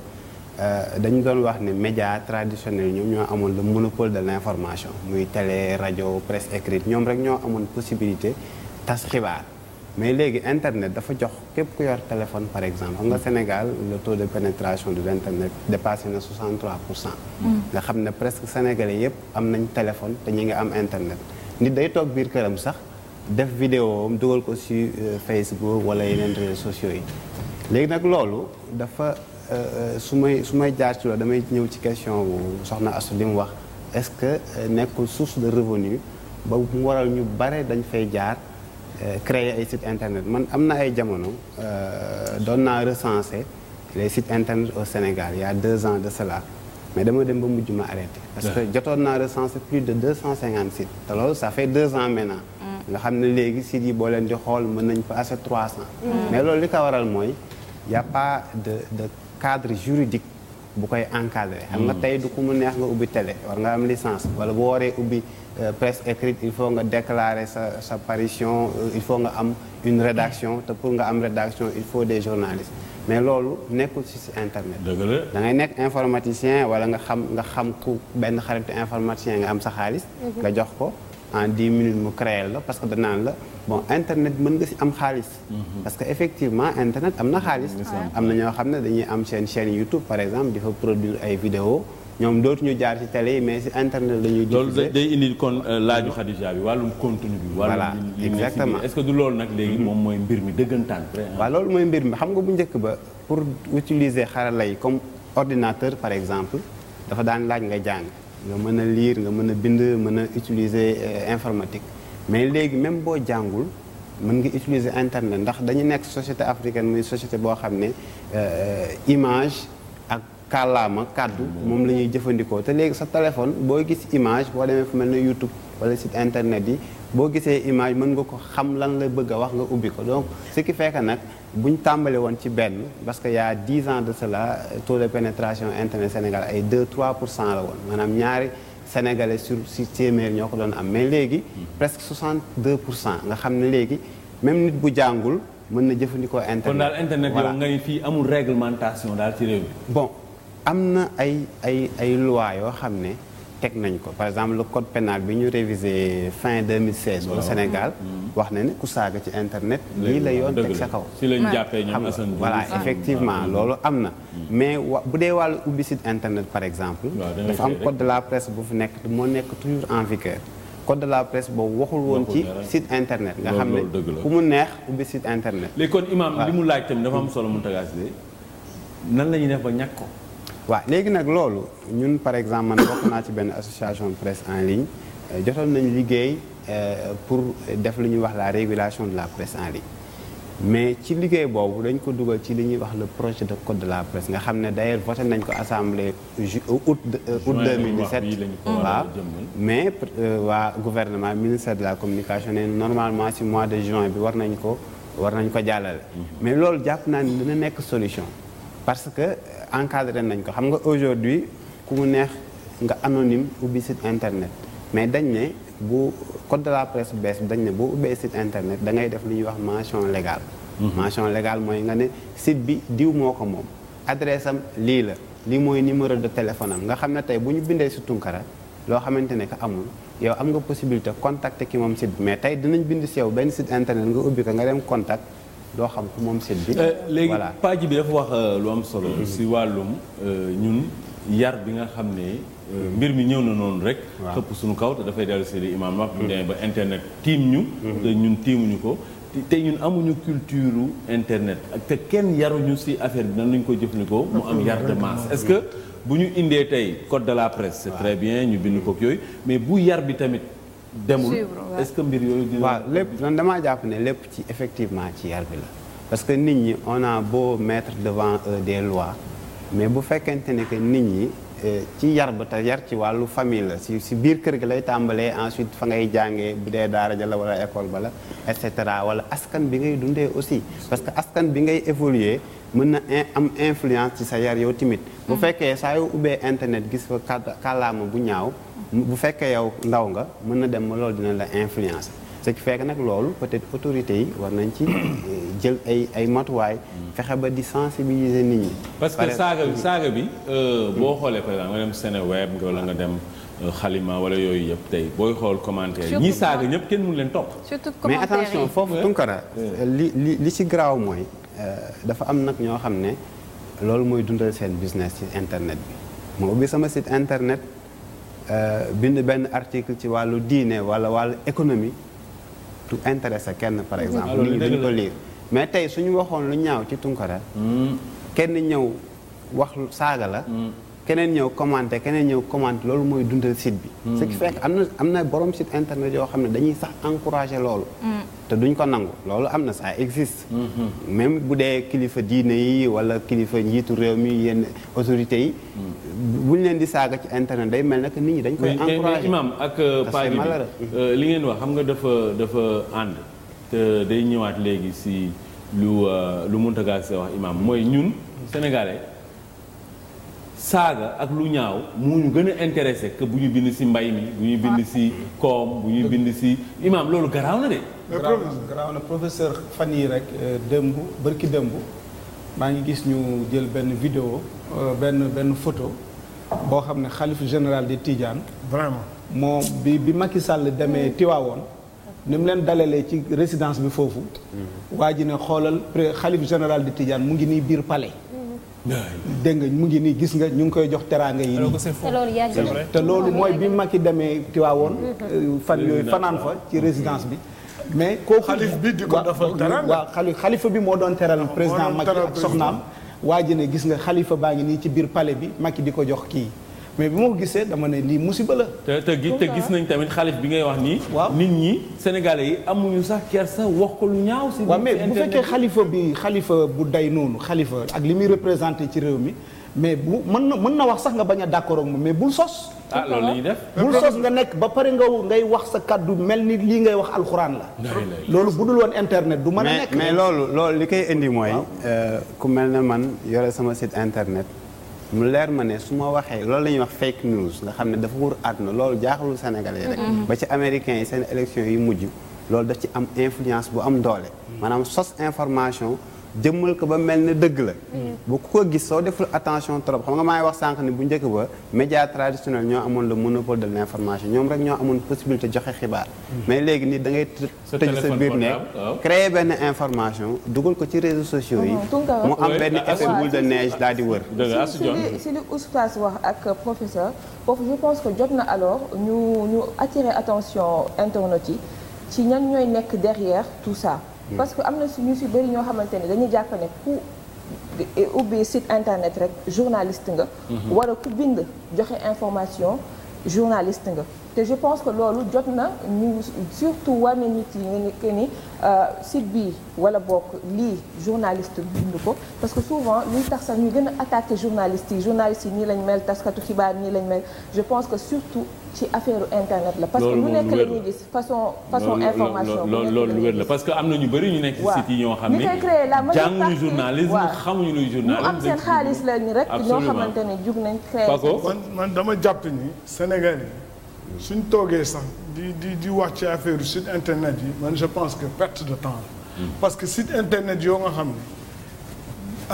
Euh, dañu doon wax ni média traditionnel ñoom ñoo amoon le monopole de l'information muy télé rajo presse écrite ñoom rek ñoo amoon possibilité tas xibaar mais léegi internet dafa jox képp ku yor téléphone par exemple xam nga Sénégal le taux de pénétration de l'internet dépassé na 63 pour cent mm. nga xam ne presque sénégalais yépp am nañ téléphone te ñu ngi am internet nit day toog biir këram sax def vidéo am dugal ko ci euh, Facebook wala yeneen réseaux sociaux yi léegi nag Euh, su may su may jaar ci loolu damay ñëw ci question bu soxna Astou li mu wax est-ce que euh, nekkul source de revenu ba mu waral ñu bare dañ fay jaar euh, créer ay site internet man am na ay jamono doon naa recenser les sites internet au Sénégal il y a deux ans de cela mais dama dem ba mujj ma arrêté parce que jotoon naa recenser plus de deux cent cinquante sites te loolu ça fait deux ans maintenant mm. nga xam ne léegi sites yi boo leen di xool mën nañ fa assez trois cent mm. mais loolu li ko waral mooy y cadre juridique bu koy encadrer xam nga hmm. tey du ku mu neex nga ubbi télé war nga am lisance wala bu waree ubbi euh, presse écrite il faut nga déclarer sa sa parution euh, il faut nga am une rédaction te pour nga am rédaction il faut des journalistes mais loolu nekkul si internet. dëgg la da nekk informaticien wala nga xam nga xam ku benn xaritu informaticien nga am sa xaalis. Mhm. nga jox ko. en dix minutes mu créer la parce que danaan la bon internet mën nga si am xaalis. Mhm. parce que effectivement internet am na xaalis. am na ñoo xam ne dañuy am seen chaîne YouTube par exemple di fa produire ay vidéos. ñoom dootuñu jaar ci tele yi mais ci internet lañuy ñuy. loolu day indi kon euh, laaju Khadija bi wàllum contenu bi. voilà exactement est-ce que du loolu nag léegi mhm. moom mooy mbir mi dëggantaan. waaw loolu mooy mbir mi xam nga bu njëkk ba pour utiliser xarala yi comme ordinateur par exemple dafa daan laaj nga jàng. nga mën a liir nga mën a bind mën a utiliser euh, informatique mais léegi même boo jàngul mën nga utiliser internet ndax dañu nekk société africaine muy société boo xam ne euh, image ak kàllaama kàddu moom la ñuy jëfandikoo te léegi sa téléphone boo gis image boo demee fu mel ne YouTube wala site internet yi boo gisee image mën nga ko xam lan la bëgg a wax nga ubbi ko donc ce qui fait nag bu ñu tàmbale woon ci benn parce que y a dix ans de cela taux de pénétration internet Sénégal ay deux trois pour cent la woon maanaam ñaari sénégalais sur si téeméer ñoo ko doon am mais léegi presque soixante deux pour cent nga xam ne léegi même nit bu jàngul mën na jëfandikoo internet. kon daal internet yow nga ni fii amul réglementation daal ci réew mi. bon am na ay ay ay loi yoo xam ne. teg nañ ko par exemple le code pénal bi ñu révisé fin 2016. au Sénégal mm-hmm. wax na ne ku saaga ci internet. lii la yoon teg sa kaw. si lañ jàppee ñoom Assane voilà effectivement mm-hmm. loolu am na. Mm-hmm. mais wa bu dee wàllu ubbi site internet par exemple. dafa am code de la presse bu fi nekk moo nekk toujours en vigueur. code de la presse boobu waxul woon ci site internet. nga xam ne ku mu neex ubbi site internet. léegi kon imam li mu laaj tamit dafa am solo mu tagaas nan la ñuy def ba ñàkk ko. waaw léegi nag loolu ñun par exemple man bokk naa ci benn association de presse en ligne euh, jotoon nañu liggéey euh, pour def lu ñuy wax la régulation de la presse en ligne mais ci liggéey boobu dañ ko dugal ci li ñuy wax le projet de code de la presse nga xam ne d'ailleurs voté nañ ko assemblée euh, août août 2017 waaw mais waa gouvernement ministère de la communication ne normalement ci mois de juin bi war nañ ko war nañ ko jàllale mhm. mais loolu jàpp naa ni dina nekk solution parce que encadré nañ ko xam nga aujourd'hui ku mu neex nga anonyme ubbi site internet mais dañ ne bu code de la presse bees dañ ne boo ubbee site internet da ngay def lu ñuy wax mention légale mhm. mention légale mooy nga ne site bi diw moo ko moom adresse am lii la lii mooy numéro de téléphone am nga xam ne tey bu ñu bindee si Tunkara loo xamante ne que amul yow am nga possibilité contacter ki moom site bi mais tey dinañ bind si benn site internet nga ubbi ko nga dem contact doo xam ku moom sët bi. Euh, léegi paa bi dafa wax euh, lu am solo. Mm-hmm. si wàllum euh, ñun yar bi nga xam ne. Mm-hmm. mbir mi ñëw na noonu rek. xëpp suñu kaw te dafay dellu si li imaam wax. bu mm-hmm. demee ba internet tiim ñu. te ñun tiimuñu ko. te ñun amuñu culture internet ak te kenn yaruñu si affaire bi nan lañu ko jëfandikoo mu am yar de masse est-ce que bu ñu indee tey code de la presse. c'est très bien ñu bind ko yooyu mais bu yar bi tamit. demul mbir yooyu. waaw lépp man damaa jàpp ne lépp ci effectivement ci yar bi la. parce que nit ñi on a beau mettre devant eux des lois mais bu fekkente ne que nit ñi euh, ci yar ba te yar ci wàllu famille la si si biir kër gi lay tàmbalee ensuite fa ngay jàngee bu dee daara ja la wala école ba la et cetera wala askan bi ngay dundee aussi parce que askan bi ngay évoluer mën na am influence ci sa yar yow timit bu mm. fekkee saa yow ubbee internet gis fa kàllaama bu ñaaw. bu fekkee yow ndaw nga mën na dem loolu dina la influence ce qui fait nag loolu peut-être autorités yi war nañ ci euh, jël ay ay matuwaay. fexe ba di sensibiliser nit ñi. parce que saaga bi saaga euh, hmm. boo xoolee par exemple nga dem Seneweb nga wala nga dem euh, xalima wala yooyu yëpp tey booy xool commentaire ñi saaga ñëpp kenn mënu leen topp. surtout mais attention foofu Tunkara li li li ci graaw mooy dafa am nag ñoo xam ne loolu mooy dundal seen business ci internet bi ma ubbi sama site internet. Euh, bind benn article ci wàllu diine wala wàllu économie du intéressé kenn par mhm. exemple nit ñi duñ ko lire mais tey suñu waxoon lu ñaaw ci Tunkara mhm. kenn ñëw wax saaga la mhm. keneen ñëw commenté keneen ñëw commenté loolu mooy dundal site bi. Hmm. ce qui fait am na am na borom site internet yoo xam ne dañuy sax encouragé loolu. Hmm. te duñ ko nangu loolu am na ça existe. Hmm. même bu dee kilifa diine yi wala kilifa njiitu réew mi yenn autorités yi. buñ leen di saaga ci internet day mel na que nit ñi dañ koy. encouragé imam ak euh, paa bi euh, li ngeen wax xam nga dafa dafa ànd. te day ñëwaat léegi si lu euh, lu Mountaga Seye wax imam mooy ñun sénégalais. saaga ak lu ñaaw moo ñu gën a intéressé que bu ñu bind si mbay mi bu ñu bind si koom bu ñu bind si imaam loolu garaaw na de. garaaw na professeur fan yii rek euh, démb bërki dëmbu maa ngi gis ñu jël benn vidéo euh, benn benn photo boo xam ne xalifu général di Tidiane. vraiment moom bi bi Macky sàll demee Tiwaawoon ni mu leen dalalee ci résidence bi foofu. Mm-hmm. waa ji ne xoolal pré xalifu général di Tidiane mu ngi nii biir pale dégg nga mu ngi nii gis nga ñu ngi koy jox teraanga yi nii te loolu mooy bi mag Macky demee Tiwaawoon euh, fan yooyu fanaan fa ci résidence bi mais kooku xalif bi di ko defal teraanga waaw xalifa bi moo doon teral président Macky ak soxnaam waa ji ne gis nga xalifa baa ngi nii ci biir pale bi mag Macky di ko jox kii mais bi ma gisee dama ne lii musiba la. te te gis nañ tamit xalif bi ngay wax nii. waaw nit ñi sénégalais yi amuñu sax kersa wax ko lu ñaaw. si waaw mais xalifa bi xalifa bu day noonu xalifa ak li muy représenté ci réew mi. mais bu mën na mën na wax sax nga bañ a d'accord ak moom mais bul sos. ah loolu def. bul sos nga nekk ba pare nga ngay wax sa kàddu mel ni lii ngay wax alxuraan la. loolu bu dul woon internet du mën a nekk. mais loolu loolu li koy indi mooy. Euh, ku mel ne man yore sama site internet. mu leer ma ne su ma waxee loolu la ñuy wax fake news nga xam ne dafa wër àdduna loolu jaaxalul sénégalais rek. Mm-hmm. ba ci américains yi seen élection yi mujj loolu daf ci am influence bu am doole. maanaam sos information. jëmmal ko ba mel ne dëgg la mm. bu ku ko gis soo deful attention trop xam nga maa wax sànq ni bu njëkk ba média traditionnel ñoo amoon le monopole de l'information ñoom rek ñoo amoon possibilité joxe xibaar mm. mais léegi nii dangay ngay tëj sa biir nekk créer benn information dugal ko ci réseau sociaux yi mu am benn effet boule de neige di wër si li oustaz wax ak professeur foofu je pense que jot na alors ñu ñu attirer attention internautes yi ci ñan ñooy nekk derrière tout ça Hmm. parce que am na ñu si bëri ñoo xamante ne dañuy jàpp ne ku ubbi site internet rek journaliste nga. Hmm. war a ku bind joxe information journaliste nga. te je pense que loolu jot na ñu surtout war na nit yi que ni euh, site bi wala bokk lii journaliste bind ko parce que souvent luy tax sax ñu gën a attaqué journalistes yi journalistes yi nii lañ mel taskatu xibaar nii lañ mel je pense que surtout ci affaire internet la. parce que lu nekk la ñuy gis façon façon loolu la parce que am na ñu bëri ñu nekk ci yi ñoo xam ne. ñu koy créé la mën jànguñu journalisme xamuñu luy journalisme. am seen xaalis lañ rek. ñoo xamante ne jug nañ créé. man man dama jàpp ni Sénégal yi suñ toogee sax di di di wax ci affaire yu site internet yi man je pense que perte de temps la hmm. parce que site internet yoo nga xam ne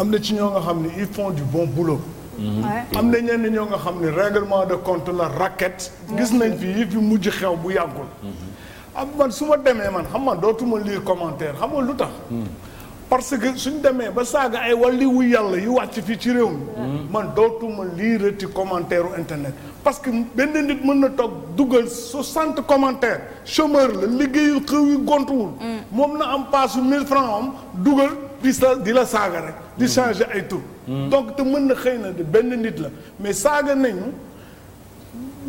am na ci ñoo nga xam ne il font du bon boulot hmm. am na ñenn ñoo nga xam ne règlement de compte la raquette gis nañ fi yi fi mujj xew bu yàggul hmm. am man su ma demee man xam man dootuma liir commentaire xam nga lu tax parce que suñ demee ba saaga ay wàlli wu yi wax ci fii ci réew mi mm-hmm. man dootuma liirati commentaire u internet parce que benn nit mën na toog dugal soixante commentaires chômeur la liggéeyu xëw yu gontuwul mm. moom na am paasu mille francs am dugal di sa di la saaga rek di mm-hmm. changer ay tur mm-hmm. donc te mën na xëy na de benn nit la mais saaga nañu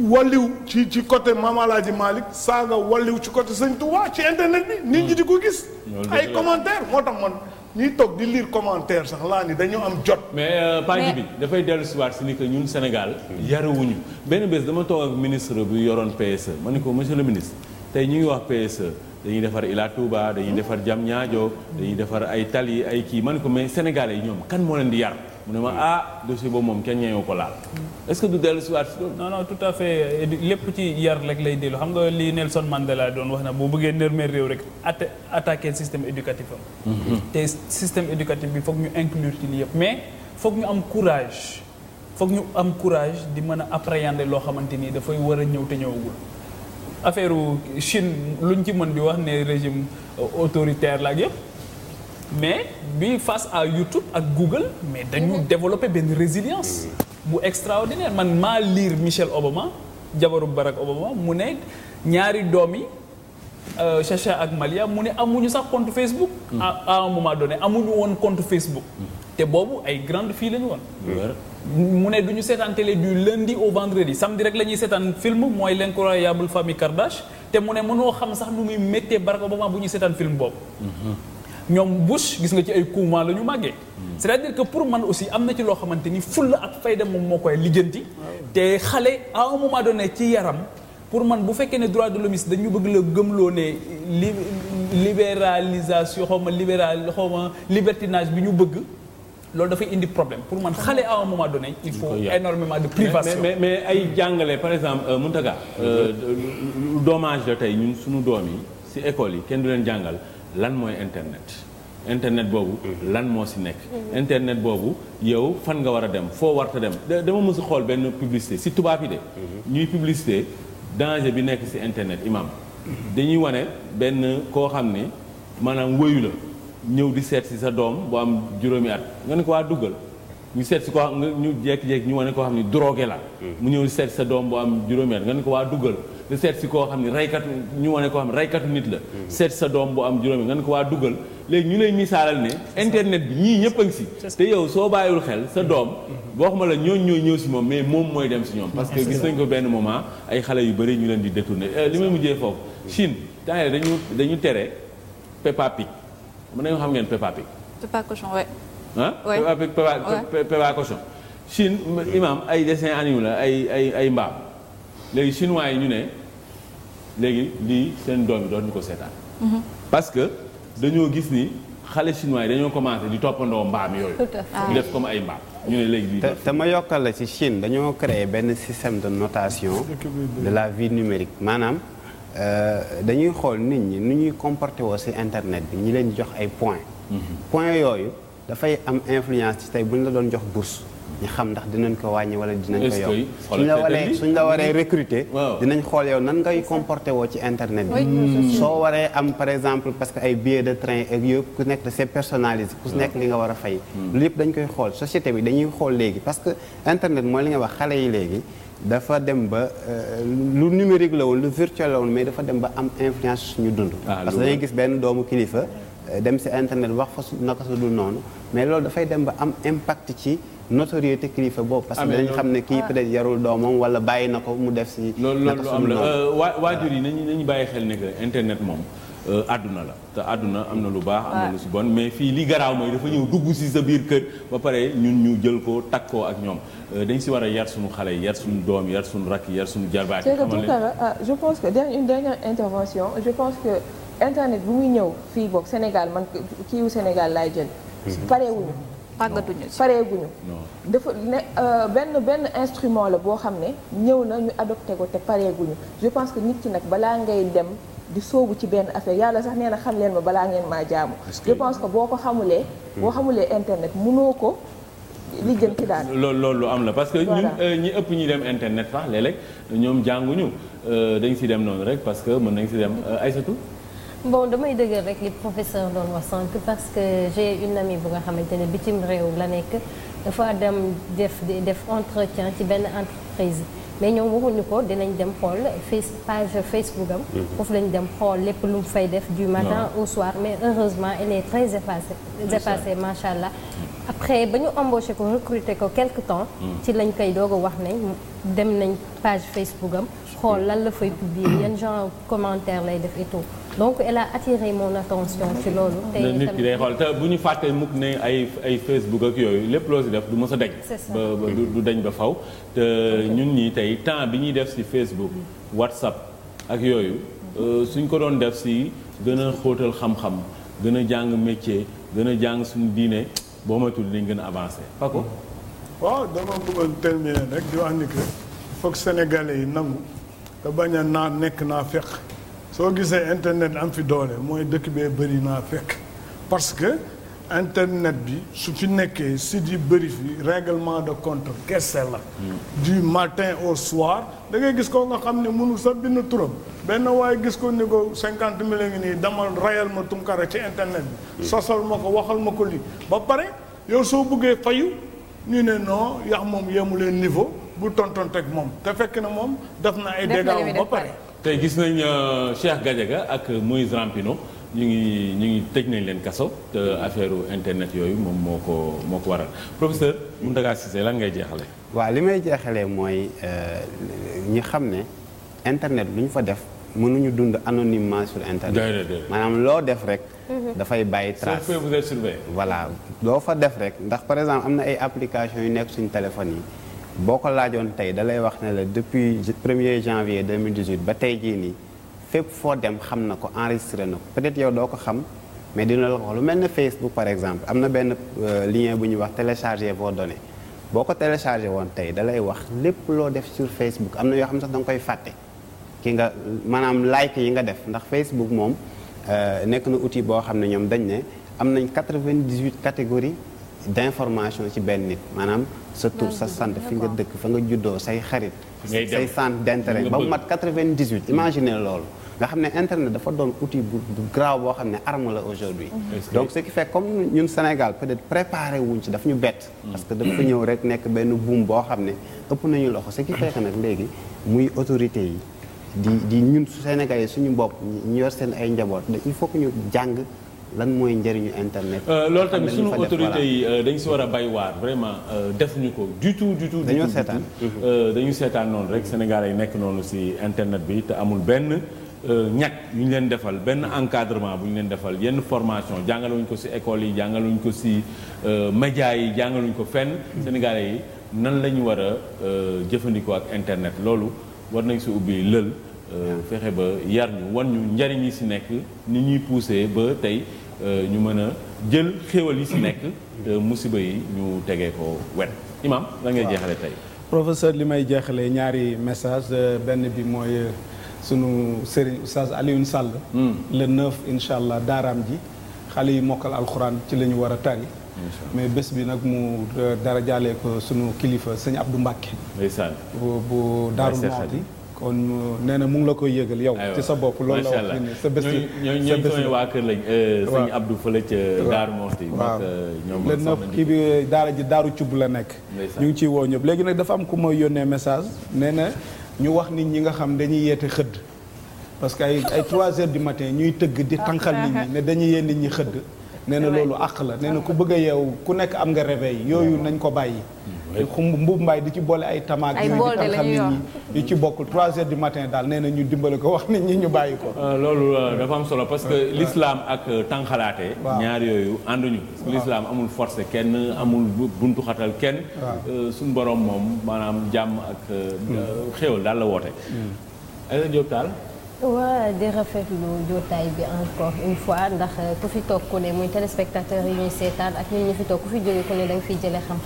walliw ci ci côté Mame Alhaji Malick saaga walliw ci côté Sëñ Touba ci internet bi nit ñi di ko gis ay commentaire moo tax man ñuy toog di lire commentaire sax laa ni dañu am jot mais euh, page bi dafay dellu si waat si ni que ñun Sénégal yarawuñu benn bés dama toog ak ministre bi yoroon PSE ma ni ko monsieur le ministre tey ñu ngi wax PSE dañuy defar Ila Touba dañuy defar Diamniadio dañuy defar ay tali ay kii ma ni ko mais Sénégalais yi ñoom kan moo leen di yar mu ne ma ah dossier boobu moom kenn ñeewu ko laal. est-ce que du dellu si waat si loolu. non tout à fait lépp ci yar rek lay dellu xam nga li Nelson Mandela doon wax na boo bëggee nërmeel réew rek atta attaque système éducatif am. Mhm. te système éducatif bi foog ñu inclure ci lii yëpp. mais foog ñu am courage foog ñu am courage di mën a appréhender loo xamante nii dafay war a ñëw te ñëwagul. affaire Chine luñ ci mën bi wax ne régime euh, autoritaire la ak mais bi face à YouTube ak Google mais dañu mhm. développé benn résilience mhm. bu extraordinaire man maa lire Michelle Obama jabaru Barack Obama mu ne ñaari doom yi euh, Chacha ak Malia mu ne amuñu sax compte Facebook a mhm. un moment donné amuñu woon compte Facebook te boobu ay grande fille lañu woon mu ne du ñu seetaan télé du lundi au vendredi samedi rek la ñuy seetaan film mooy l'incroyable famille Kardashian te mu ne mënoo xam sax nu muy méttee Barack Obama bu ñuy seetaan film boobu ñoom Bush gis nga ci ay courants la ñu màggee. c'est-à-dire que pour man aussi am na ci loo xamante ni fulla ak fayda moom moo koy lijjanti. te xale à un moment donné ci yaram pour man bu fekkee ne droit de l'homme dañu bëgg la gëmloo ne li libéralisation xaw ma libéral xaw ma libertinage bi ñu bëgg. loolu dafay indi problème pour man xale à un moment donné. il faut énormément de privation mais mais ay jàngale par exemple euh, Mountaga. Euh, dommage la tey ñun suñu doom yi si école yi kenn du leen jàngal. lan mooy internet internet boobu lan moo si nekk internet boobu yow fan nga war a dem foo warta dem dama mës a xool benn publicité si tubaab yi de ñuy publicité danger bi nekk si internet imam dañuy wane benn koo xam ne maanaam wëyu la ñëw di seet si sa doom bu am juróomi at nga ne ko waa duggal ñu seet si ko xam nga ñu jékki-jékki ñu wane koo xam ne drogué la hmm. mu ñëw di seet si sa doom bu am juróomi at nga ne ko waa duggal seet si koo xam ne raykatu ñu wane koo xam ne raykatu nit la mhm. seet sa doom bu am juróomi nga ne ko waa dugal léegi ñu lay misaalal ne internet bi ñii ñëpp a ngi si te yow soo bàyyiwul xel sa doom mhm. boo xam la ñooñ ñooy ñëw si moom mais moom mooy dem si ñoom parce que gis nañ ko benn moment ay xale yu bëri ñu leen di détourner euh, li may mujjee foofu mhm. Chine temps yii dañu dañu tere Peppa Pig mën nañu xam ngeen Peppa Pig Peppa cochon ouais ah Peppa Pig Peppa cochon Chine imam ay dessin animé la ay ay mbaam léegi chinois yi ñu ne léegi lii seen doom yi dootuñu ko seetaan. Mhm. parce que dañoo gis ni xale chinois yi dañoo commencé di toppandoo mbaam yooyu. di def comme ay mbaam. ñu ne léegi te ma yokkal la ci Chine dañoo créer benn système de notation de la vie numérique maanaam euh, dañuy xool nit ñi ni ñuy comporté woo ci internet bi ñu leen jox ay point mhm. points yooyu dafay am influence ci tey bu ñu la doon jox bourse ñu xam ndax dinañ ko wàññi wala dinañ ko yokk suñ la waree suñ la waree recruter dinañ xool yow nan ngay comporté woo ci internet bi soo waree am par exemple parce que ay billets de train ak yëpp ku nekk c'est personnalisé ku nekk li nga war a fay hmm. lu yëpp dañ koy xool société bi dañuy xool léegi parce que internet mooy li nga wax xale yi léegi dafa dem ba euh, lu numérique la woon lu virtuel la woon mais dafa dem ba am influence suñu dund ah, parce que dañuy gis benn doomu kilifa euh, dem si internet wax fa naka su dul noonu mais loolu dafay dem ba am impact ci notoriété kilifa boobu. parce que dañu xam ne kii ah. peut-être yarul doomam wala bàyyi na ko mu def si. loolu loolu am la euh, waajur yi nañu nañu bàyyi xel ne que internet moom. Euh, àdduna la te àdduna am na lu baax. am na ah. lu si bon mais fii li garaaw mooy dafa ñëw dugg si sa biir kër ba pare ñun ñu jël ko takk ko ak ñoom euh, dañ si war a yar suñu xale yar suñu doom yar suñu rakk yar suñu jarbaat. je pense que une dernière intervention je pense que internet bu muy ñëw fii boog Sénégal man kiiwu Sénégal laay jël. Mm-hmm. pareewuñu màggatuñu si pareeguñu dafa ne euh, benn benn instrument la boo xam ne ñëw na ñu adopté ko te pareeguñu je pense que nit ki nag balaa ngay dem di sóobu ci benn affaire yàlla sax nee na xam leen ma balaa ngeen maa jaamu je pense que boo ko xamulee mm. boo xamulee internet mënoo ko lijjanti daal loolu loolu am la parce que ñu euh, ñi ëpp ñi dem internet sax léeg ñoom jànguñu euh, dañ si dem noonu rek parce que mën nañ si dem ay bon damay dëggal rek li professeur doon wax sànq parce que j'ai une amie bu nga xamante ne bitim réew la nekk dafa dem def def entretien ci benn entreprise mais ñoom waxuñu ko dinañ dem xool face page Facebook am. Mm-hmm. foofu lañ dem xool lépp lu mu fay def. du matin au soir mais heureusement elle est très effacée. effacée macha allah après ba ñu embauché ko recruter ko quelque temps. Mm. ci lañ koy doog a wax ne dem nañ page Facebook am. xool lan la fay publier yan genre commentaire lay def et donc elle a attiré mon attention ci loolu. tey nit ki day bu ñu fàttee mukk ne ay ay Facebook ak yooyu lépp loo si def du mës a dañ. ba ba du dañ ba faw te ñun ñi tey temps bi ñuy def si Facebook WhatsApp ak yooyu euh, suñ ko doon def si gën a xóotal xam-xam gën a jàng métier gën a jàng suñu diine boo matul dinañ gën a avancé. Paco waaw dama bëggoon terminer rek di wax ni que foog yi nangu te bañ naa nekk naa fekk. soo gisee internet am fi doole mooy dëkk bee bëri naa fekk parce que internet bi su fi nekkee si yi bëri fi réglement de contre kese la du matin au soir da ngay gis ko nga xam ne mënul sa bind turam benn waaye gis ko ni ko cinquante mille ngi nii damal rayal ma Tunkara ci internet bi hmm. sosol ma ko waxal ma ko lii ba pare yow soo buggee fayu ñu ne non yax moom yemu leen niveau bu tontonteeg moom te fekk na moom def na ay dégâts ba pare tey gis nañ euh, Cheikh Gadiaga ak Moïse Rampino ñu ngi ñu ngi tëj nañ leen kaso te affaire internet yooyu moom moo ko moo ko waral professeur Mountaga Cissé lan ngay jeexale waa li may jeexalee mooy euh, ñi xam ne internet lu ñu fa def mënuñu dund anonymement sur internet maanaam loo def rek mhm. dafay bàyyi trace vous êtes voilà loo fa def rek ndax par exemple am na ay application yu nekk suñu téléphone yi boo ko laajoon tey dalay lay wax ne la depuis 1er janvier 2018 ba tey jii nii fépp foo dem xam na ko enregistré na peut-être yow doo ko xam mais dina la ko wax lu mel ne Facebook par exemple am na benn euh, lien bu ñuy wax télécharger boo données boo ko télécharger woon tey dalay wax lépp loo def sur Facebook am na yoo xam ne sax da nga koy fàtte ki nga maanaam like yi nga def ndax Facebook moom euh, nekk na outil boo xam ne ñoom dañ ne am nañ 98 catégories d'information ci benn nit maanaam sa tur sa sant fi nga dëkk fa nga juddoo say xarit say centre d'intérêt ba mu mat 98 mm. imaginez loolu nga xam ne internet dafa doon outil bu bu graaw boo xam ne arme la aujourd'hui mm-hmm. donc ce qui fait comme ñun Sénégal peut-être préparé wuñ ci daf ñu bett mm. parce que dafa ñëw rek nekk benn buum boo xam ne ëpp nañu loxo ce qui fait que nag léegi muy autorité yi di di ñun Sénégal yi suñu bopp ñu yor seen ay njaboot il faut que ñu jàng lan mooy njëriñu internet. Euh, loolu tamit sunu autorités yi euh, dañ si war a bay waar vraiment euh, defuñu ko du tout du tout. dañoo seetaan dañu seetaan noonu rek Sénégalais yi nekk noonu si internet bi te amul benn. ñàkk yu ñu leen defal benn encadrement bu ñu leen defal yenn formation jàngaluñ ko si école yi jàngaluñ ko si média yi jàngaluñ ko fenn. Sénégalais yi nan la ñu war a jëfandikoo ak internet loolu war nañ si ubbi lël. fexe ba yar ñu wan ñu njëriñ yi si nekk ni ñuy poussé ba tey. Euh, ñu mën a jël xéewal yi si nekk te euh, musiba yi ñu tegee ko wet imam la ngay jeexale tey professeur li may jeexale ñaari message euh, benn bi mooy sunu sëriñ Oustaz Alioune Sall hmm. le 9 incha allah daaraam ji xale yi mokkal alxuraan ci la ñu war a tari mais bés bi nag mu dara jaalee ko sunu kilifa sëñ Abdou Mbacke bu Daaru Muxti kon euh, nee na mu ngi la koy yëgal yow. ci sa bopp loolu la wax ni sa bés. ñooñu ñooñu samay waa kër lañ. Euh, waaw sëñ Abdou fële ca Daaru Moxti. waaw euh, ñoom la sax kii bi daara ji daaru cub la nekk. ñu ngi ci woo ñëpp léegi nag dafa am ku mooy yónnee message nee na ñu wax nit ñi nga xam dañuy yeete xëdd. parce que ay trois 3 heures du matin ñuy tëgg di ah, tànqal nit ñi ah, ah. ne dañuy yee nit ñi xëdd. nee na loolu àq la nee na ku bëgg a yeewu ku nekk am nga réveil yooyu nañ ko bàyyi. Hmm. xumb mbuub mbaay di ci boole ay tamaak yu ci ci bokkul trois heures du matin daal nee na ñu dimbale ko wax nit ñi ñu bàyyi ko ah, loolu euh, dafa am solo parce que lislaam ak euh, tànxalaate ñaar yooyu ànduñu lislaam amul force kenn amul buntu xatal kenn euh, suñu borom moom maanaam jàmm ak hmm. xéwal daal la woote hmm. Aïda Diop Tall waa di rafetlu jotaay bi encore une fois ndax ku fi toog ku ne muy téléspectateur yi ñuy seetaan ak ñun ñu fi toog ku fi jóge ku ne danga fiy jëlee xam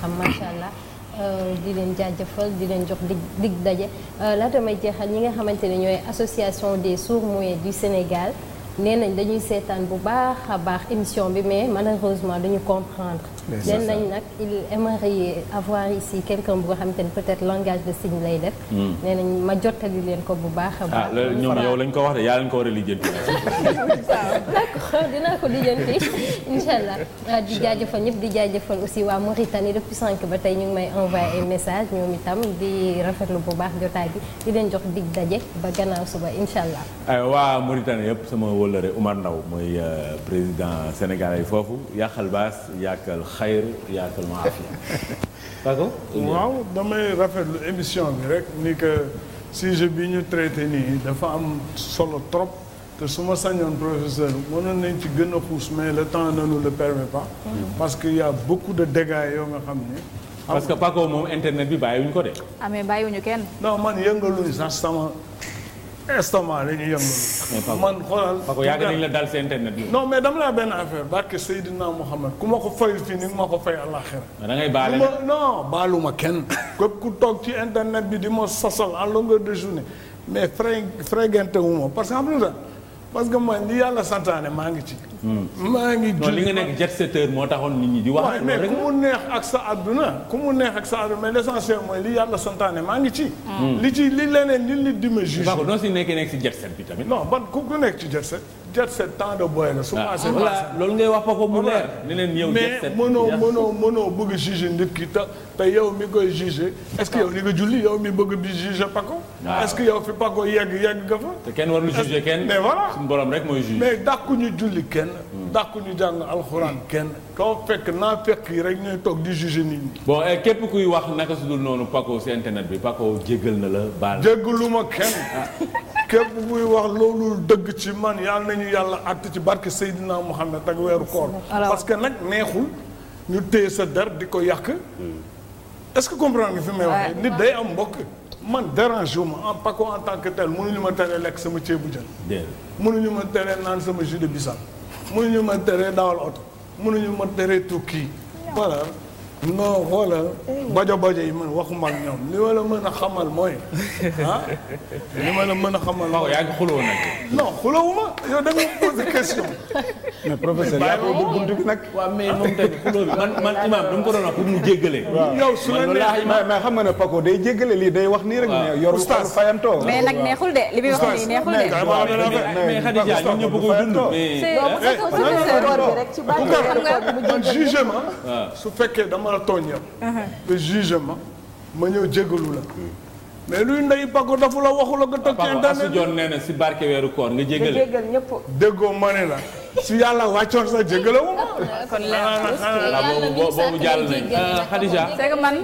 Euh, di leen jaajëfal di leen jox dig dig daje euh, laata may jeexal ñi nga xamante ne ñooy association des sourds-muets du Sénégal. nee nañ dañuy seetaan bu baax a baax émission bi mais malheureusement dañu comprendre leen nañ nag il aimerait avoir ici quelqu'un bu nga xamante ne peut-être langage de signe lay def hmm. nee nañ ma jottali leen ko bu baax a baax ah, loolu ñoom yow lañ ko wax de yaa lañ ko war a lijjanti waaw d'accord dinaa ko lijjanti incha allah ah, di jaajëfal ñëpp di jaajëfal aussi waa Mauritanie depuis sànq ba tey ñu ngi may envoyé ay message ñoom itam di rafetlu bu baax jotaay bi di leen jox dig daje ba gannaaw suba incha allah ah, waa wëllëre Umar Ndaw mooy euh, président sénégalais yi foofu yàqal baas yàqal xayr yàqal ma afia d'accord waaw damay rafetlu émission bi rek ni que sujet bi ñu traité nii dafa am solo trop te su ma sañoon professeur mënoon nañ ci gën a xuus mais le temps ne nous le permet pas mm-hmm. parce que y a beaucoup de dégâts yoo xam ne que Paco moom internet bi bàyyiwuñ ko de ah bàyyiwuñu kenn non man yëngaluñ sax estomac la ñuy yëngal. man xoolal. Paco yàgg nañ la dal si internet bi. non mais dama laa benn affaire barke Seydina Mouhamed ku ma ko fayul fii ni ma ko fay àllaaxira. da ngay baale non baalu kenn. képp ku toog ci internet bi di ma sosal en longueur de journée mais frais frais gante wu parce que am na parce que man li yàlla santaane maa ngi ci. Hmm. maa ngi julli li nga nekk jet setteur moo taxoon nit ñi di wax. mais ku mu neex ak sa àdduna ku mu neex ak sa àdduna mais l'essentiel mooy li yàlla santaane maa ngi ci. Hmm. li ci li leneen li nit di ma juge. d'accord doo si nekkee nekk si jet set bi tamit. non ban ku nekk ci jet set. jet set temps de boy la. su maasee voilà loolu ngay wax ko mu leer. ni leen yow jet set mais mënoo mënoo mënoo bëgg juger nit ki te te yow mi koy juger. est-ce que yow li nga julli yow mi bëgg bi juger Paco. Ah. est-ce que yow fi Paco yegg yegg nga fa. te kenn warul juger kenn. mais voilà suñu borom rek mooy juger. mais dàqu ñu julli kenn. Hmm. dàqu ñu jàng alxuraan kenn. koo fekk naa fekk yi rek ñooy toog di juger nit ñi. bon eh, képp kuy wax naka su dul noonu Paco si internet bi Paco jégal na la baal. jégalu ma kenn. Ah. képp buy wax loolu dëgg ci man yàlla nañu yàlla àtt ci barke Seydina Muhammad ak weeru koor parce que nag neexul ñu téye sa der di ko yàq hmm. est-ce que comprendre nga fi may waxee nit day am mbokk man dérange wu ma en pako en tant que tel mënuñu ma teree lekk sama céebu ceebu jën mënuñu ma teree naan sama jus de bissap ñu ma teree dawal oto mënuñu ma teree tukki voilà non xoolal bajo bajo yi man waxuma ak ñoom li ma la mën a xamal mooy ah li ma la mën a xamal. waaw oh, yaa ngi xuloo nag. non xulowuma yow da nga posé question. mais professeur yaa ko ubbi buntu bi nag. waaw mais moom tamit xuloo bi man ko doon wax pour mu jéggale. yow su ne Paco day jéggale lii day wax nii rek. waaw yor xol fayantoo. mais nag neexul de li muy wax nii neexul de. mais Khadija ñun ñëpp ko eh, fekkee dama la tooñ yow uh-huh. juge ma ma ñëw jégalu la mais luy ndey baggo dafa la waxu la nga tëg ci internet bi Asu si barke weeru koor nga jégal jégal ñëpp déggoo ma ne la su yàlla wàccoon sax jégalawu. Ah, kon ah, ah, boobu jàll nañ euh, Khadija. c'est que man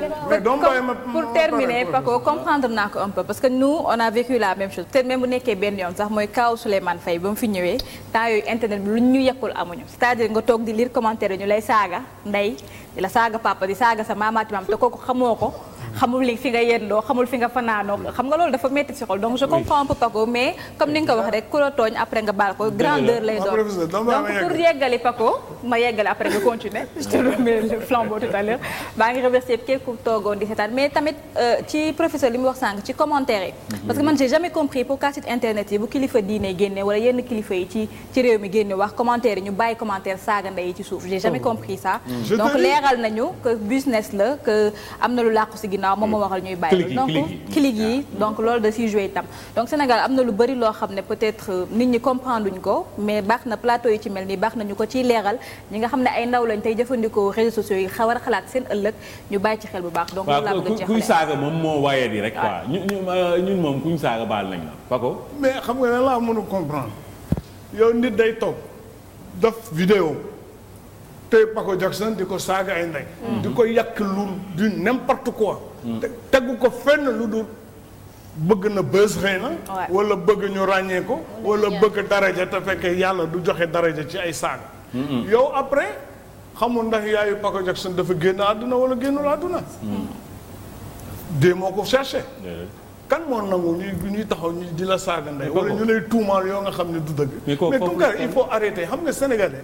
pour terminer Paco comprendre naa ko un peu parce que nous on a vécu la même chose peut-être bu nekkee benn yoon sax mooy kaw Souleymane Faye ba mu fi ñëwee temps yooyu internet bi lu ñu yekkul amuñu. c'est-à-dire nga toog di lire commentaire ñu lay saaga ndey la saaga papa di saaga sa maamaati maam te kooku xamoo ko. xamul fi nga yendoo xamul fi nga fanaanoo xam nga loolu dafa métti ci xol donc je comprends un peu mais comme ni nga wax rek ku la tooñ après nga baal ko grandeur lay ah, doon donc pour yeggali Paco ma yeggali après nga continuer je te remets le flambeau tout à l'heure maa ngi remercier képp ku di seetaan mais tamit euh, ci professeur li mu wax sànq ci commentaire yi mhm. parce que man j'ai jamais compris pourquoi site internet yi bu kilifa diine génne wala yenn kilifa yi ci réew mi génne ginnaaw moom moo waxal ñuy bàyyi donc clic yi ah. donc loolu da siy joué itam donc Sénégal am na lu bari loo xam ne peut-être euh, nit ñi comprendre ñu ko mais baax na plateau yi ci mel nii baax na ñu ko ciy leexal ñi nga xam ne ay ndaw lañ tey jëfandikoo réseaux sociaux yi xawar xalaat seen ëllëg ñu bàyyi ci xel bu baax donc kuy saaga moom moo waaye di rek quoi ñun euh, ñun moom kuñ saaga baal nañ la Paco mais xam nga ne laa mënu comprendre yow nit day toog def vidéo tey Paco Jackson di ko saaga ay mm-hmm. di ko yàq lu du n'importe tegu ko fenn lu dul bëgg na bës xëy na wala bëgg ñu ràññee ko wala bëgg daraja te fekk yàlla du joxe daraja ci ay saaga yow après xamul ndax yaayu Paco Jackson dafa génn àdduna wala génnul àdduna dee moo ko cherché kan moo nangu ñuy ñuy taxaw ñu di la saaga ndey wala ñu lay tuumaal yoo nga xam ne du dëgg mais Tounkara il faut arrêter xam nga sénégalais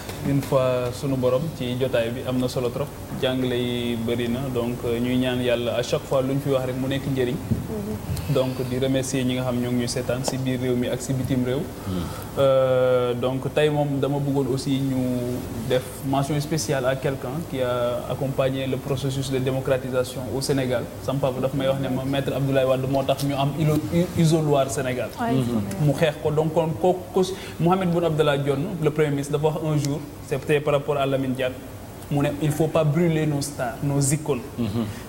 une fois sunu borom ci jotaay bi am na solo trop jàngale yi bëri na donc euh, ñuy ñaan yàlla à chaque fois lu ñu fi wax rek mu nekk njëriñ. Mhm. donc di remercier ñi nga xam ñoo ngi ñu seetaan si biir réew mi ak si bitim réew. Mhm. Euh, donc tey moom dama bëggoon aussi ñu def mention spéciale à quelqu'un qui a accompagné le processus de démocratisation au Sénégal sam papa daf may wax ne ma maître Abdoulaye Wade moo tax ñu am isoloir Sénégal. Mhm. mu xeex ko donc kon kooku Mohamed c'était par rapport à Lamine Diack mu ne il faut pas brûler nos stars nos icônes mm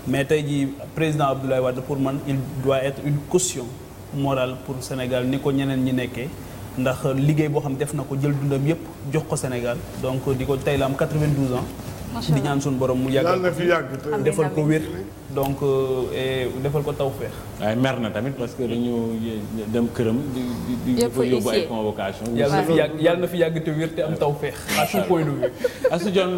mais tey jii président Abdoulaye Wade pour man il doit être une caution morale pour Sénégal ni ko ñeneen ñi nekkee ndax liggéey boo xam def na ko jël dundam yépp jox ko Sénégal donc di ko tey la am 92 ans di ñaan suñu borom mu yàgg defal ko wér donc euh, defal ko tawféex. waaye mer na tamit parce que dañu dem këram. di di di yóbbu ay convocation yàlla na fi yàgg fi yàgg te wér te am tawféex. à tout point de vue. Asou Dione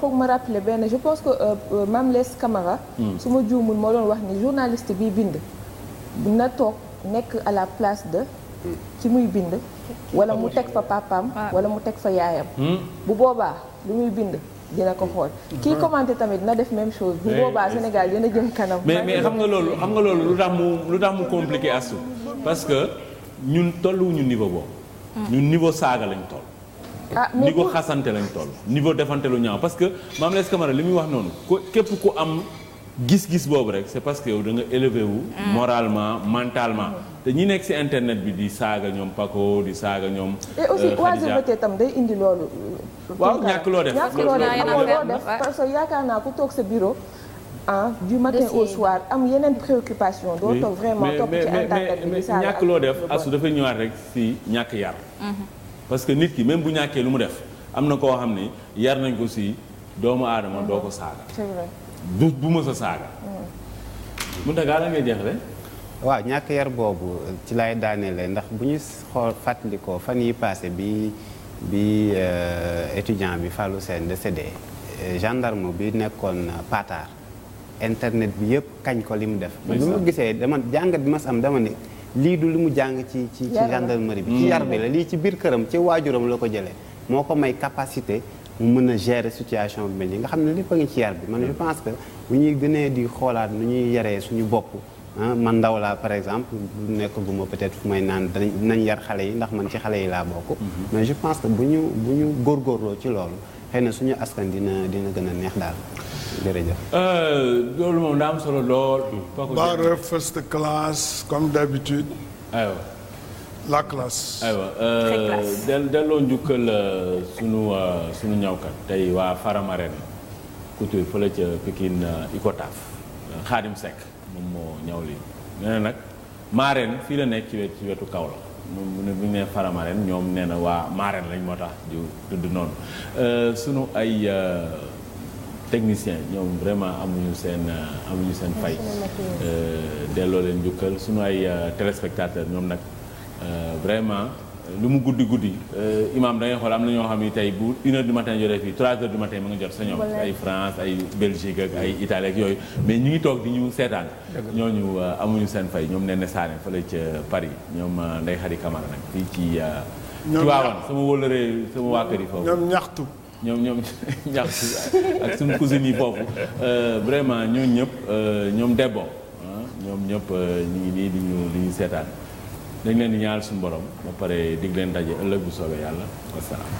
foog ma rappeler benn je pense que euh, euh, Mame Less Camara. Hmm. su ma doon wax ni journaliste bi bind. na toog nekk à la place de. ci muy bind. wala mu teg fa papaam. Ah. wala mu teg fa yaayam. Hmm. bu boobaa lu muy bind. dina ko mm. xool kii mm-hmm. commenté tamit na def même chose bu boobaa Sénégal dina jëm kanam mais mais xam nga loolu xam nga loolu lu tax mu lu tax mu compliqué astu parce que ñun tolluwuñu niveau boobu mm. ñun niveau saaga lañ toll ah niveau xasante lañ toll niveau defante lu ñaaw parce que Mame Less Camara li muy wax noonu ko képp ku am gis-gis boobu rek c'est parce que yow da nga élevé wu mm. moralement mentalement te ñi nekk ci internet bi di saaga ñoom Paco di saaga ñoom. et aussi oisiveté euh, tam day indi loolu. ñàkk loo def ñàkk loo yaakaar naa ku toog sa bureau. ah du def asu dafay ñëwaat rek si ñàkk yar. Mhm. parce que nit ki même bu ñàkkee lu mu def am na koo xam ne yar nañ ko si doomu aadama doo ko saaga. c'est bu ma sa saaga. Mm. mu tagaa la ngay jeexle. waaw ñàkk yar boobu ci lay daaneele ndax bu ñu xool fàttalikoo fan yi passé bi bi euh, étudiant bi Fallou de décédé euh, gendarme bi nekkoon Patar internet bi yëpp kañ ko li mu def. lu gisee dama jàngat bi mas am dama ne lii du li mu jàng ci ci ci gendarmerie bi. Mm. ci yar bi la lii ci biir këram ci waajuram la ko jëlee moo ko may capacité. mu mën a gérer situation bi mel yi nga xam ne lépp a ngi ci yar bi man je mm. pense que bu ñuy gënee di xoolaat nu ñuy yaree suñu bopp. Ah, man ndaw laa par exemple nekkaguma peut-être fu may naan dinañ yar xale yi ndax man ci xale yi laa bokk. Mhm. mais je pense que bu ñu bu ñu góorgóorloo ci loolu xëy na suñu askan dina dina gën a neex daal jërëjëf. Euh, loolu moom daa am solo lool. Hmm. Bara first class comme d'habitude. aywa la classe. Euh, delloo njukkal euh, sunu sunu ñawkat tey waa Faramareen couture fële ca Pikine Icotaf Khadim Seck. moom moo ñaw lii nee na nag maareen fii la nekk ci wet ci wetu kaw la mu ne nee faramareen ñoom nee na waa maareen lañ moo tax di tudd noonu euh, sunu ay euh, technicien ñoom vraiment amuñu seen euh, amuñu seen fay delloo leen njukkal sunu ay téléspectateur ñoom nag vraiment lu mu guddi guddi euh, imaam da xool am na ñoo xam ni tey bu une du matin jotee fii trois heures du matin ma nga jot sa ñoom ay France ay Belgique ak ay Italie ak yooyu mais ñu ngi toog di ñu seetaan ñooñu euh, amuñu seen fay ñoom Néné Sané fële ca Paris ñoom euh, Ndeye Khady Camara nag fii ci Tivaouane sama wólëree sama waa kër yi foofu ñoom ñaxtu ñoom ñoom ñaxtu ak suñu cousines yi foofu vraiment ñooñu ñëpp ñoom debbo ah, ñoom ñëpp ñu ngi nii di ñu di ñu seetaan dañ leen ñaar ñaanal suñu borom ba pare dig leen daje ëllëg bu soobee yàlla wasalaam.